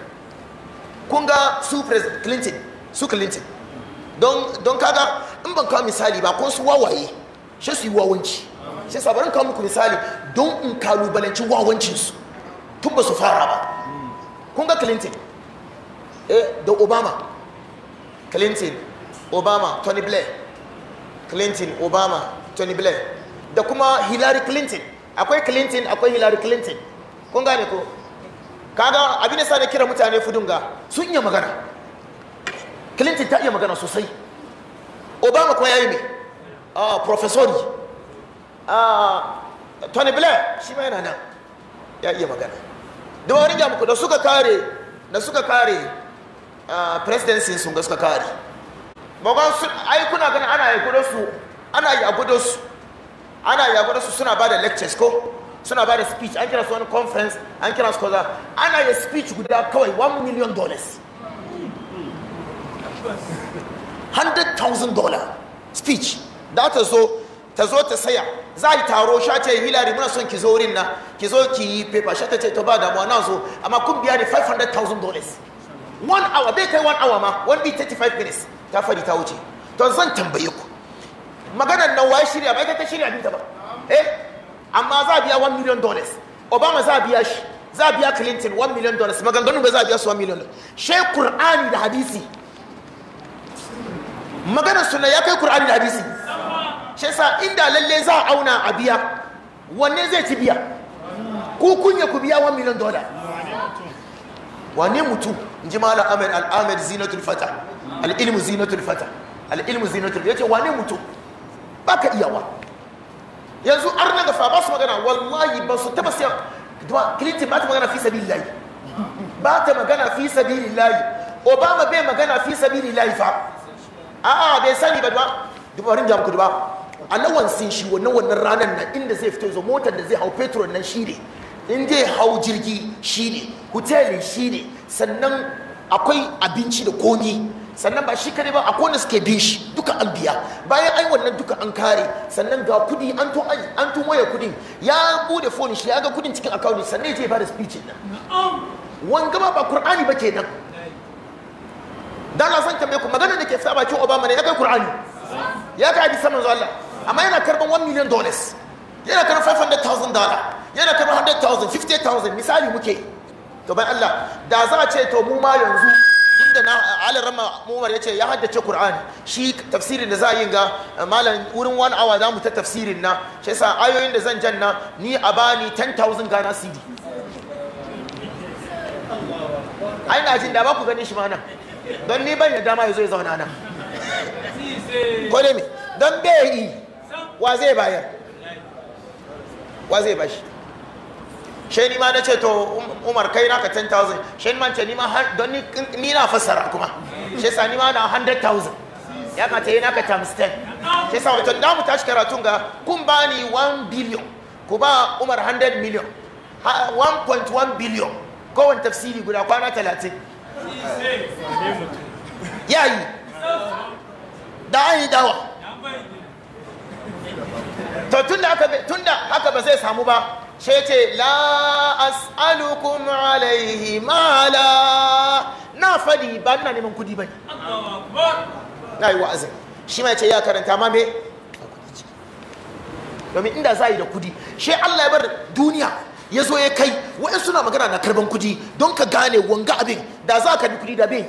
kun ga su president Clinton su Clinton don don kaga in ban kawo misali ba ko su wawaye shi su yi wawanci shi sabarin kawo muku misali don in kalubalanci wawancinsu tun ba su fara ba kun ga Clinton eh da Obama clinton obama tony blair clinton obama tony blair da kuma hillary clinton akwai clinton akwai hillary clinton kun gane ko kaga abin da kira mutane fudunga sun iya magana clinton ta iya magana sosai obama kuma ya yi mai ah, professori ah, tony blair shi ma yana nan ya iya magana da wani muku da suka kare da suka kare presidency sun ga suka kare bakon su ai kuna gani ana yakuda su ana yakuda su ana yakuda su suna bada lectures ko suna bada speech an kira su wani conference an kira su kaza ana yi speech guda kawai 1 million dollars 100,000 dollar speech da ta zo ta zo ta saya za a yi taro sha ce hillary muna son ki zo wurin na ki zo ki yi paper sha ta ce ta ba damuwa na zo amma kun biya ne 500,000 dollars one hour bai kai one hour ma one day 35 minutes ta fari ta wuce to zan tambaye ku maganar nan waye shirya bai ta shirya ta ba eh amma za a biya 1 million dollars obama za biya shi za a biya clinton 1 million dollars maganganu bai za a biya su 1 million dollars shai qur'ani da hadisi maganar sunna ya kai qur'ani da hadisi shi sa inda lalle za a auna a biya wanne zai ci biya ku kunya ku biya 1 million dollars wane mutum in ji malam ahmed al'ahmed zinatul fata al'ilmu zinatul fata al'ilmu zinatul ya ce wane mutu? ba ka iyawa yanzu an na gafa ba su magana wallahi ba su taba siya duwa clinton ba ta magana fi sabi lillahi ba ta magana fi sabi lillahi obama bai magana fi sabi lillahi fa a'a bai sani ba duwa dubarin da ku duba alawansin shi wannan wannan ranar na inda zai fito zo motar da zai hau petrol nan shi ne in zai hau jirgi shine hoteli ne sannan akwai abinci da komi sannan ba shi kare ba a kone suke bin shi duka an biya bayan ai wannan duka an kare sannan ga kudi an tun an to waya kudin ya bude phone shi ya ga kudin cikin account sannan ya je ba da speech din wan ba ba qur'ani ba kenan dan san tambaye ku magana da ke sa ki Obama ne ya kai Qur'ani ya kai hadisan manzo Allah amma yana karban 1 million dollars yana karban 500,000 dollars yana karɓar 100,000 50,000 misali muke to bai Allah da za a ce to mu ma yanzu inda na alar rama umar ya ce ya haddace Kur'ani shi tafsirin da za a yi ga eh, malam wurin one hour za mu ta tafsirin na shi sa ayoyin da zan janna ni a bani 10,000 gana cd ai na jin da ba ku gani shi ma nan don ni ban yadda ma ya zo ya zauna nan ko ne me don bai yi wa zai bayar wa zai bashi shai ni ma na ce to um, umar kai naka 10,000 shai ni ma ce ni ma don ni na fassara kuma shai sa ni ma na 100,000 ya mata yi naka times 10 shai sa wato da mu tashi karatun ga kun ba ni 1 billion ku ba umar 100 million 1.1 billion kowane tafsiri guda kwana 30 yayi da an yi dawa to tunda haka ba zai samu ba sai ce la as'alukum alaihi mala na fadi ba nuna neman kudi ne na yi wa'azin shi mai ce ya karanta ma me domin inda za yi da kudi shi Allah ya bar duniya ya zo ya kai wa'in suna magana na karban kudi don ka gane wanga abin da za ka bi kudi da bai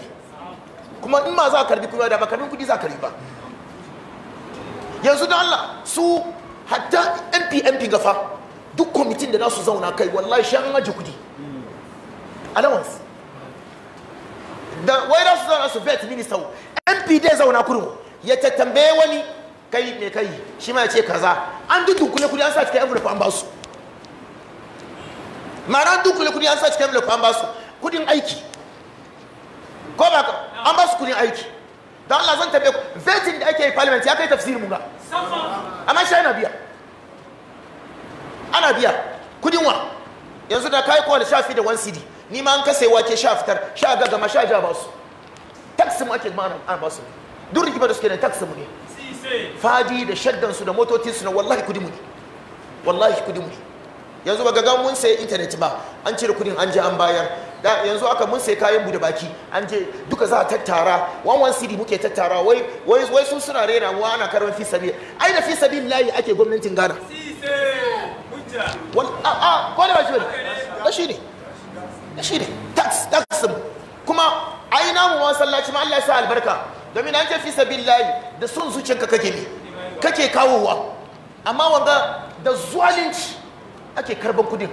kuma in ma za ka karbi kudi da ba karbin kudi za ka ba yanzu da Allah su hatta MP MP gafa duk kwamitin da nasu zauna kai wallahi shi an aje kudi allowance da wai nasu zauna su vet minister mp dai zauna kurum ya tattambaye wani kai mai kai shi ma ya ce kaza an duk dukule kudi an sa cikin envelope an basu su ma'ana dukule kudi an sa cikin envelope an basu. kudin aiki ko ba ka an basu kudin aiki don Allah zan tabe ku vetin da ake yi parliament ya kai tafsirin mu amma shi ana biya ana biya kudin wa yanzu da kai kwal shafi da 1 cd ni ma an kasa wake sha fitar sha gama sha ja su taksi mu ake mana an su duk rikiba da suke ne taksi mu ne fadi da shaddan su da motocin su na wallahi kudin mu ne wallahi kudin mu ne yanzu ba ga mun sai internet ba an cire kudin an je an bayar yanzu aka mun sai kayan da baki an je duka za a tattara wan wan cd muke tattara wai wai sun suna rena mu ana karban fi sabi ai da fi sabi layi ake gwamnatin Ghana wal a ko da shi bane shi ne shi ne tax tax kuma ai namu masallaci ma Allah ya sa albarka domin an ce fi sabilillahi da sun zuciyarka kake ne kake kawowa amma wanga da zalunci ake karban kudin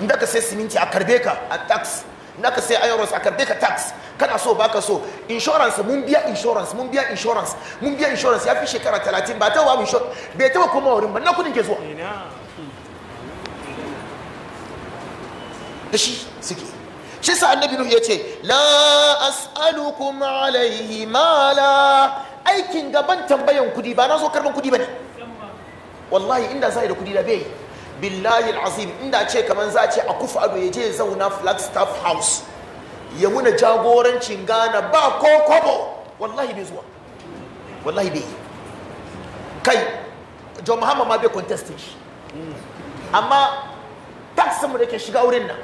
inda ka sai siminti a karbe ka a tax naka sai iros a karbe ka tax kana so baka so insurance mun biya insurance mun biya insurance mun biya insurance ya fi shekara 30 ba ta wawo insurance bai taba kuma wurin ba na kudin ke zuwa da shi suke shi sa annabi nuhu yace la as'alukum alaihi mala aikin gaban tambayan kudi ba na zo karban kudi bane wallahi inda sai da kudi da bai billahi azim inda ce kamar za ce a kufa ado ya je zauna flagstaff house ya muna jagorancin ghana ba ko kwabo wallahi bai zuwa wallahi bai kai john muhammad ma bai contestin shi amma taxin mu da ke shiga wurin nan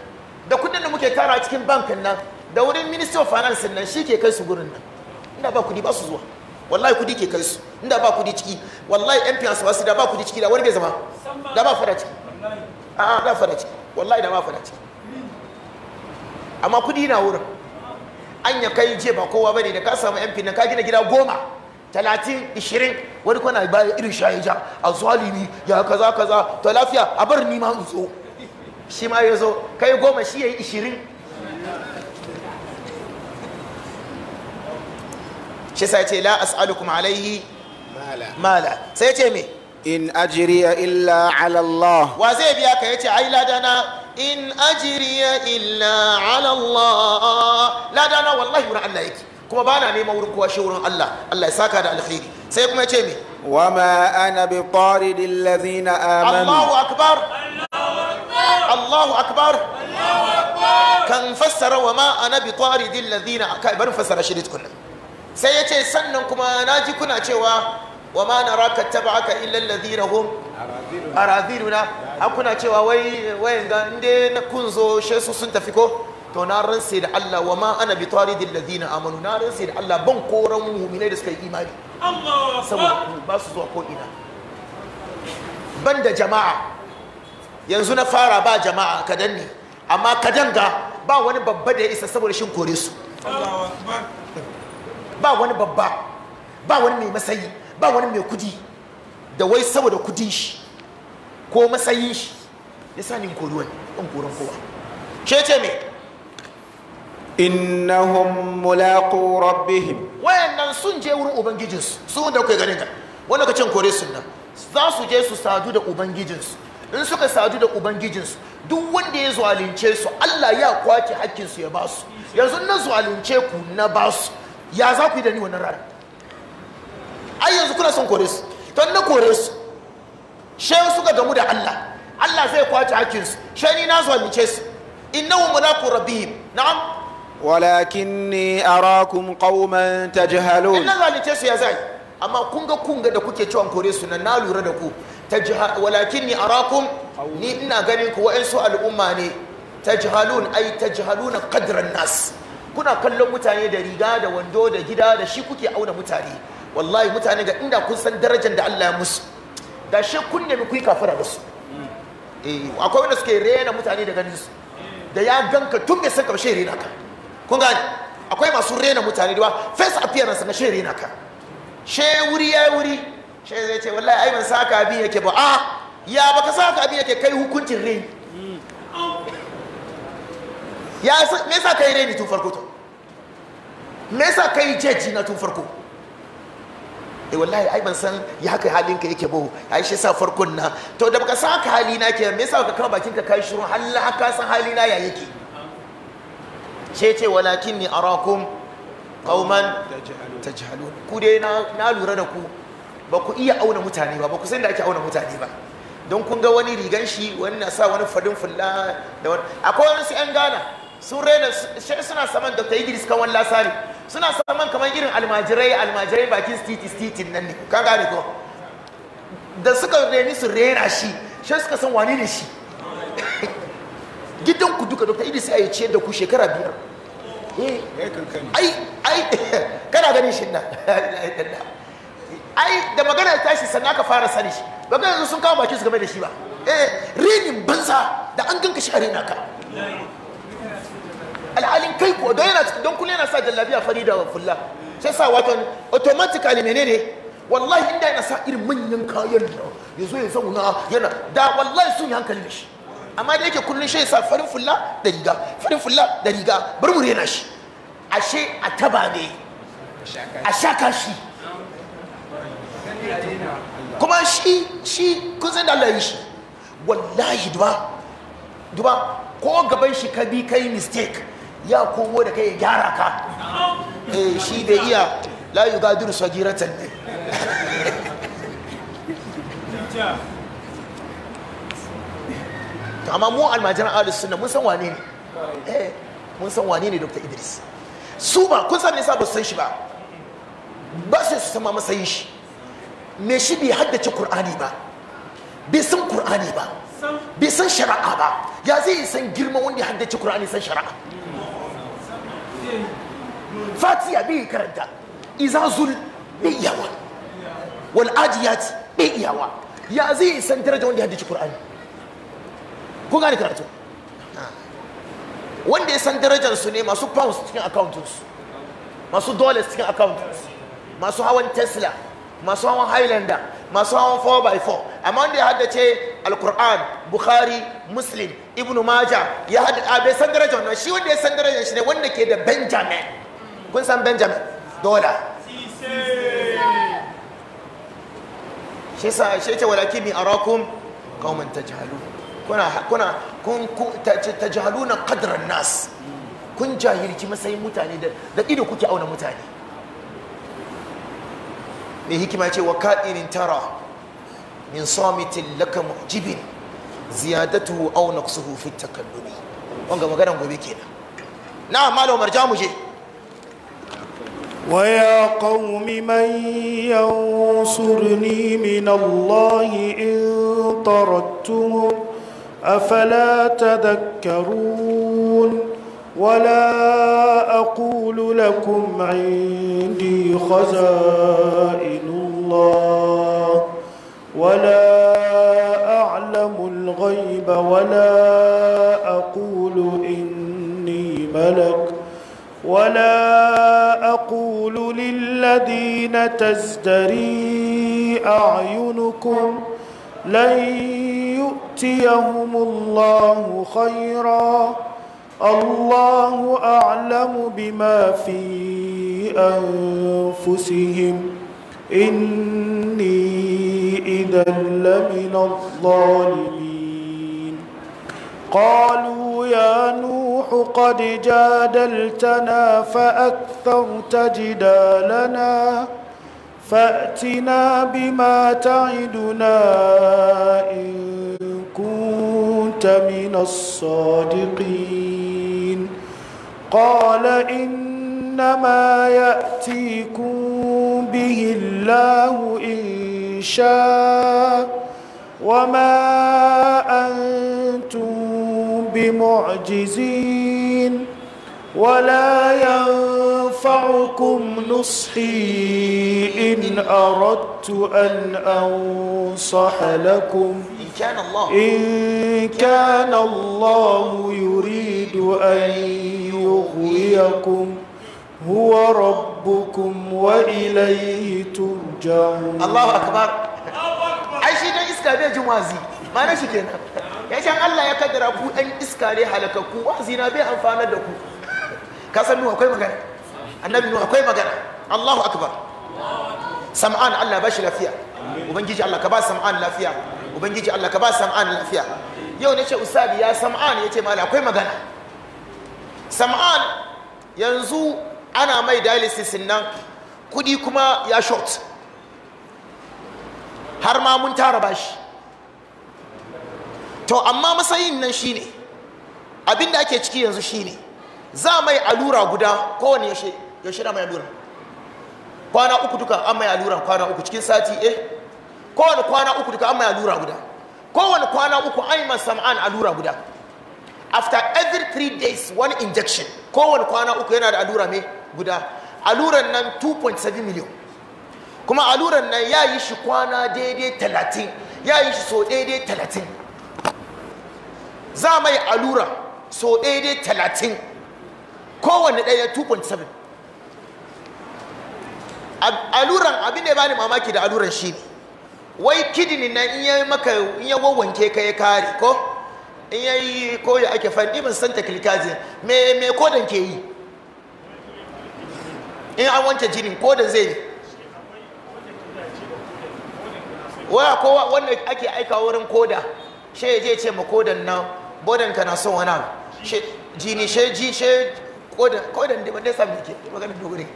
da kudin da muke tara cikin bankin nan da wurin ministry of finance nan shi ke kai su gurin nan inda ba kudi ba su zuwa wallahi kudi ke kai su inda ba kudi ciki wallahi yan fiyansu ba su da ba kudi ciki da wani bai zama da ba fara ciki a'a na fada wallahi da ma fada ciki amma kudi na wurin an ya kai je ba kowa bane da ka samu yan finnan ka gina gida goma talatin ishirin wani kwana ba irin shaye ja a zalimi ya kaza kaza to lafiya a bar ni ma in zo shi ma ya zo kai goma shi ya yi ishirin shi sai ce la as'alukum alaihi mala sai ce me in ajiriya illa ala Allah wa zai biya ka yace ai ladana in ajiriya illa ala Allah ladana wallahi wurin Allah yake kuma ba na neman wurin kowa shi wurin Allah Allah ya saka da alkhairi sai kuma yace me wa ma ana bi taridil ladina amanu Allahu akbar Allahu akbar Allahu akbar kan fassara wa ma ana bi taridil ladina kai bari fassara shi da tukunna sai yace sannan kuma naji kuna cewa wa ma naraka tab'aka illa alladhina hum araziluna har kuna cewa wai wayan ga inde na kun zo sun tafi ko to na ransa da Allah wa ma ana bi taridil ladina amanu na ransa da Allah ban koran mu'minai da suka yi imani Allah saboda ba su zuwa ko ban da jama'a yanzu na fara ba jama'a kadan ne amma ba wani babba da ya isa saboda shin su ba wani babba ba wani mai masayi ba wani mai kudi da wai saboda kudin shi ko matsayin shi ya sa ni kori wani ɗan kowa ke ce me innahum ko rabbihim wayannan sun je wurin ubangijinsu su da kai ganin ka wani lokacin kore sun nan za su je su sadu da ubangijinsu in suka sadu da ubangijinsu duk wanda ya zalunce su Allah ya kwace hakkinsu ya ba su yanzu na zalunce ku na ba su ya za ku yi da ni wannan rana ai yanzu kuna son kore su don na kore su she suka gamu da Allah Allah zai kwace hakkin su she ni na mice su innahu mulaqu rabbihim na'am walakinni arakum qauman tajhalun inna mice su ya zai amma kun ga kun ga da kuke cewa kore su nan na lura da ku walakinni arakum ni ina ganin ku wa'ansu al'umma ne tajhalun ai tajhalun qadran nas kuna kallon mutane da riga da wando da gida da shi kuke auna mutane wallahi mutane ga inda kun san darajar da Allah ya musu da shi kun nemi ku kafara da su eh akwai wanda suke rena mutane da ganin su da ya ganka tun bai san ka she rena ka kun gane akwai masu rena mutane da face appearance na she rena ka she wuri ya wuri she zai ce wallahi ai ban saka abin yake ba a ah, ya baka saka abin yake kai hukuncin reni ya me yasa kai reni tun farko to me yasa kai jeji na tun farko e wallahi ai ban san ya haka halin ka yake bahu ai shi sa farkon na to da baka san haka hali na ke me yasa ka kawo bakin ka kai shiru Allah haka san hali na ya yake she ce walakin ni arakum qauman tajhalun ku dai na na lura da ku ba ku iya auna mutane ba ba ku san da ake auna mutane ba don kun ga wani rigan shi wani na sa wani fadin fulla da wani akwai wani su 'yan gana sun raina suna saman dr idris kawan lasari suna saman kamar irin almajirai almajirai bakin stiti stiti nan ne ka gane ko da suka reni su rena shi shi suka san wani ne shi gidan ku duka dr idris ya ciyar da ku shekara biyar eh, ai ai kana ganin shi na ai da magana ta tashi sannan ka fara sani shi ba ga yanzu sun kawo bakin su game da shi ba eh rinin banza da an ganka shi a rena ka alhalin kai ko don yana don kullum yana sa jallabiya fari da fulla sai sa wato automatically menene wallahi inda yana sa irin manyan kayan da ya zo ya zauna yana da wallahi sun yi hankali da shi amma da yake kullum shi ya sa farin fulla da riga farin fulla da riga bar mu rena shi ashe a taba ne a shaka shi kuma shi shi kun san da Allah yi shi wallahi duba duba ko gaban shi ka bi kai mistake ya komo da kai ya gyara ka eh shi bai iya la yugadiru sagiratan ne amma mu almajiran ahlus mun san wane ne eh mun san wane ne dr idris su ba kun san nisa ba su san shi ba ba su su sama masayin shi me shi bai haddace qur'ani ba bai san qur'ani ba bai san shari'a ba ya zai san girma wanda ya haddace qur'ani san shari'a fatiya bai karanta izazul bai iyawa wal ajiyat bai iyawa ya zai san daraja wanda ya haddace qur'ani ko gane karatu wanda ya san darajar su ne masu pounds cikin accountants masu dollars cikin accountants masu hawan tesla masu hawan highlander masu hawan 4x4 amma wanda ya haddace alkur'an bukhari muslim ibnu maja ya haddace ah, bai san darajar wannan shi wanda ya san darajar shi ne wanda ke da benjamin kun san benjamin dola shi sa shi ce walakin ni arakum qauman tajhalu kuna kuna kun tajhaluna qadra nas kun jahilci matsayin mutane da ido kuke auna mutane mai hikima ya ce wa ka'irin tara min samitin laka mu'jibin ziyadatuhu aw naqsuhu fi takallumi wanga magana gobe kenan na malo marjamu mu je ويا قوم من ينصرني من الله إن طردتهم أفلا تذكرون ولا أقول لكم عندي خزائن الله ولا أعلم الغيب ولا أقول إني ملك ولا أقول للذين تزدري أعينكم لن يؤتيهم الله خيراً الله أعلم بما في أنفسهم إني إذا لمن الظالمين قالوا يا نوح قد جادلتنا فأكثرت جدالنا فأتنا بما تعدنا إن كنت من الصادقين قال إنما يأتيكم به الله إن شاء وما أنتم بمعجزين ولا ينفعكم نصحي إن أردت أن أنصح لكم ۖ كان الله إن كان الله يريد أن يغويكم هو ربكم وإليه ترجعون الله أكبر أي شيء إسكا بيجي وازي ما نشي كنا ya shan Allah ya kaddara ku ɗan iska ne halakakku wa'azi na bai amfanar da ku ka san nuhu akwai magana annabi nuhu akwai magana Allahu akbar sam'an Allah ba shi lafiya ubangiji Allah ka ba sam'an lafiya ubangiji Allah ka ba sam'an lafiya yau na ce usabi ya sam'an ya ce mala akwai magana sam'an yanzu ana mai dialysis nan kudi kuma ya short har ma mun tara bashi to amma matsayin nan shine abinda ake ciki yanzu shine za mai allura guda kowane ya shirya mai allura kwana uku duka an mai allura kwana uku cikin sati eh kowane kwana uku duka an mai allura guda kowane kwana uku an yi sam'an allura guda after every three days one injection kowane kwana uku yana da allura mai guda alluran nan 2.7 million kuma alluran nan ya yi shi kwana daidai 30 ya yi shi so daidai 30 za mai allura so daidai 30 kowane ɗaya 2.7 alluran abin da ya bani mamaki da alluran shi ne wai kidini na in yi maka in ya wawanke ka ya kare ko in yi ko ya ake fadi ban san takilkazi me me kodan ke yi in an wanke jinin kodan zai yi waya kowa wanda ake aika wurin koda she ya je ce ma kodan nan bodan ka na son wani abu jini she ji she kodan kodan da ba dai sami ke magana dogare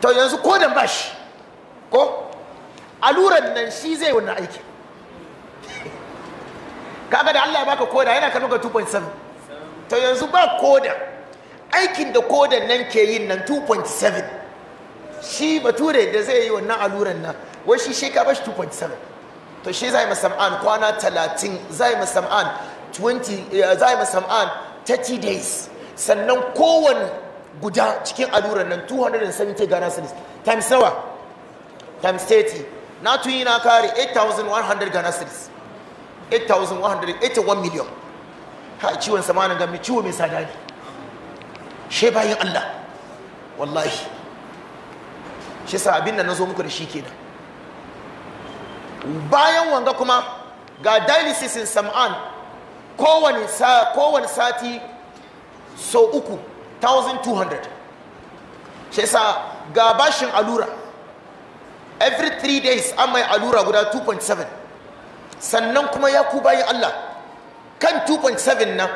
to yanzu kodan bashi ko aluran nan shi zai wannan aiki kaga da Allah ya baka koda yana kallon ga 2.7 to yanzu ba koda aikin da koda nan ke yin nan 2.7 shi bature da zai yi wannan aluran nan wai shi shi ka bashi 2.7 to shi zai musamman kwana 30 zai musamman 20 eh, zai musamman 30 days sannan kowane guda cikin aluran nan 270 gana sinis times nawa times 30 na tuyi na kare 8,100 Ghana cities 8,181 million ha ciwon samanin gami ciwo mai sada ne she bayan Allah wallahi shi sa abin da na zo muku da shi kenan bayan wanga kuma ga dialysis in sam'an kowane ko sati so uku 1200 shi sa ga bashin alura every three days an mai alura guda 2.7 sannan kuma ya ku bayan Allah kan 2.7 na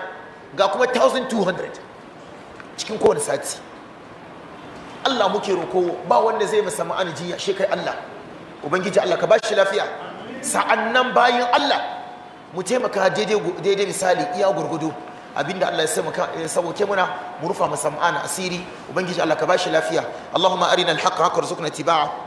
ga kuma 1200 cikin kowane sati Allah muke roko ba wanda zai masa ma'ana jiya shi kai Allah ubangiji Allah ka bashi lafiya sa'annan bayan Allah mu taimaka daidai misali iya gurgudu abinda Allah ya sauke muna mu rufa masa ma'ana asiri ubangiji Allah ka bashi lafiya Allahumma arina al-haqqa haqqa warzuqna ittiba'a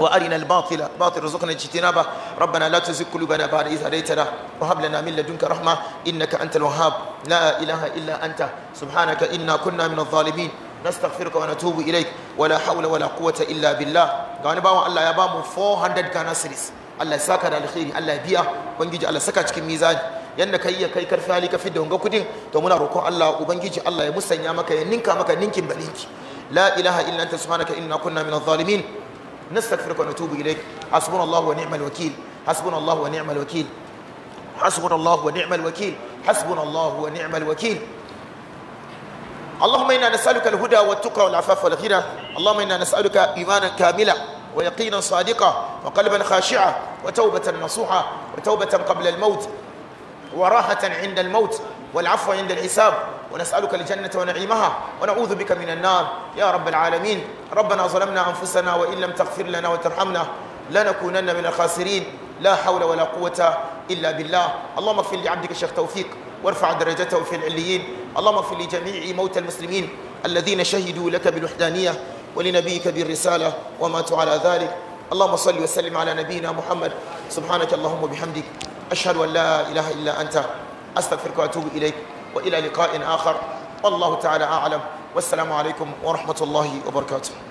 وارنا الباطل باطل رزقنا اجتنابه ربنا لا تزغ قلوبنا بعد إذ هديتنا وهب لنا من لدنك رحمه انك انت الوهاب لا اله الا انت سبحانك انا كنا من الظالمين نستغفرك ونتوب اليك ولا حول ولا قوه الا بالله غاني باو الله يا بامو 400 غانا سيريس الله يساك da alkhairi Allah ya biya Bangiji Allah saka cikin mizani yanda kai ya kai karfi hali ka fidda wanga kudin to muna roƙon Allah ubangiji Allah ya musanya maka ya ninka maka ninkin balinki la ilaha illa anta subhanaka inna kunna minadh zalimin نستغفرك ونتوب إليك حسبنا الله ونعم الوكيل حسبنا الله ونعم الوكيل حسبنا الله ونعم الوكيل حسبنا الله ونعم الوكيل اللهم إنا نسألك الهدى والتقى والعفاف والغنى اللهم إنا نسألك إيمانا كاملا ويقينا صادقا وقلبا خاشعا وتوبة نصوحا وتوبة قبل الموت وراحة عند الموت والعفو عند الحساب ونسألك الجنة ونعيمها ونعوذ بك من النار يا رب العالمين ربنا ظلمنا أنفسنا وإن لم تغفر لنا وترحمنا لنكونن من الخاسرين لا حول ولا قوة إلا بالله اللهم اغفر لعبدك الشيخ توفيق وارفع درجته في العليين اللهم اغفر لجميع موتى المسلمين الذين شهدوا لك بالوحدانية ولنبيك بالرسالة وماتوا على ذلك اللهم صل وسلم على نبينا محمد سبحانك اللهم وبحمدك أشهد أن لا إله إلا أنت أستغفرك وأتوب إليك وإلى لقاء آخر والله تعالى أعلم والسلام عليكم ورحمة الله وبركاته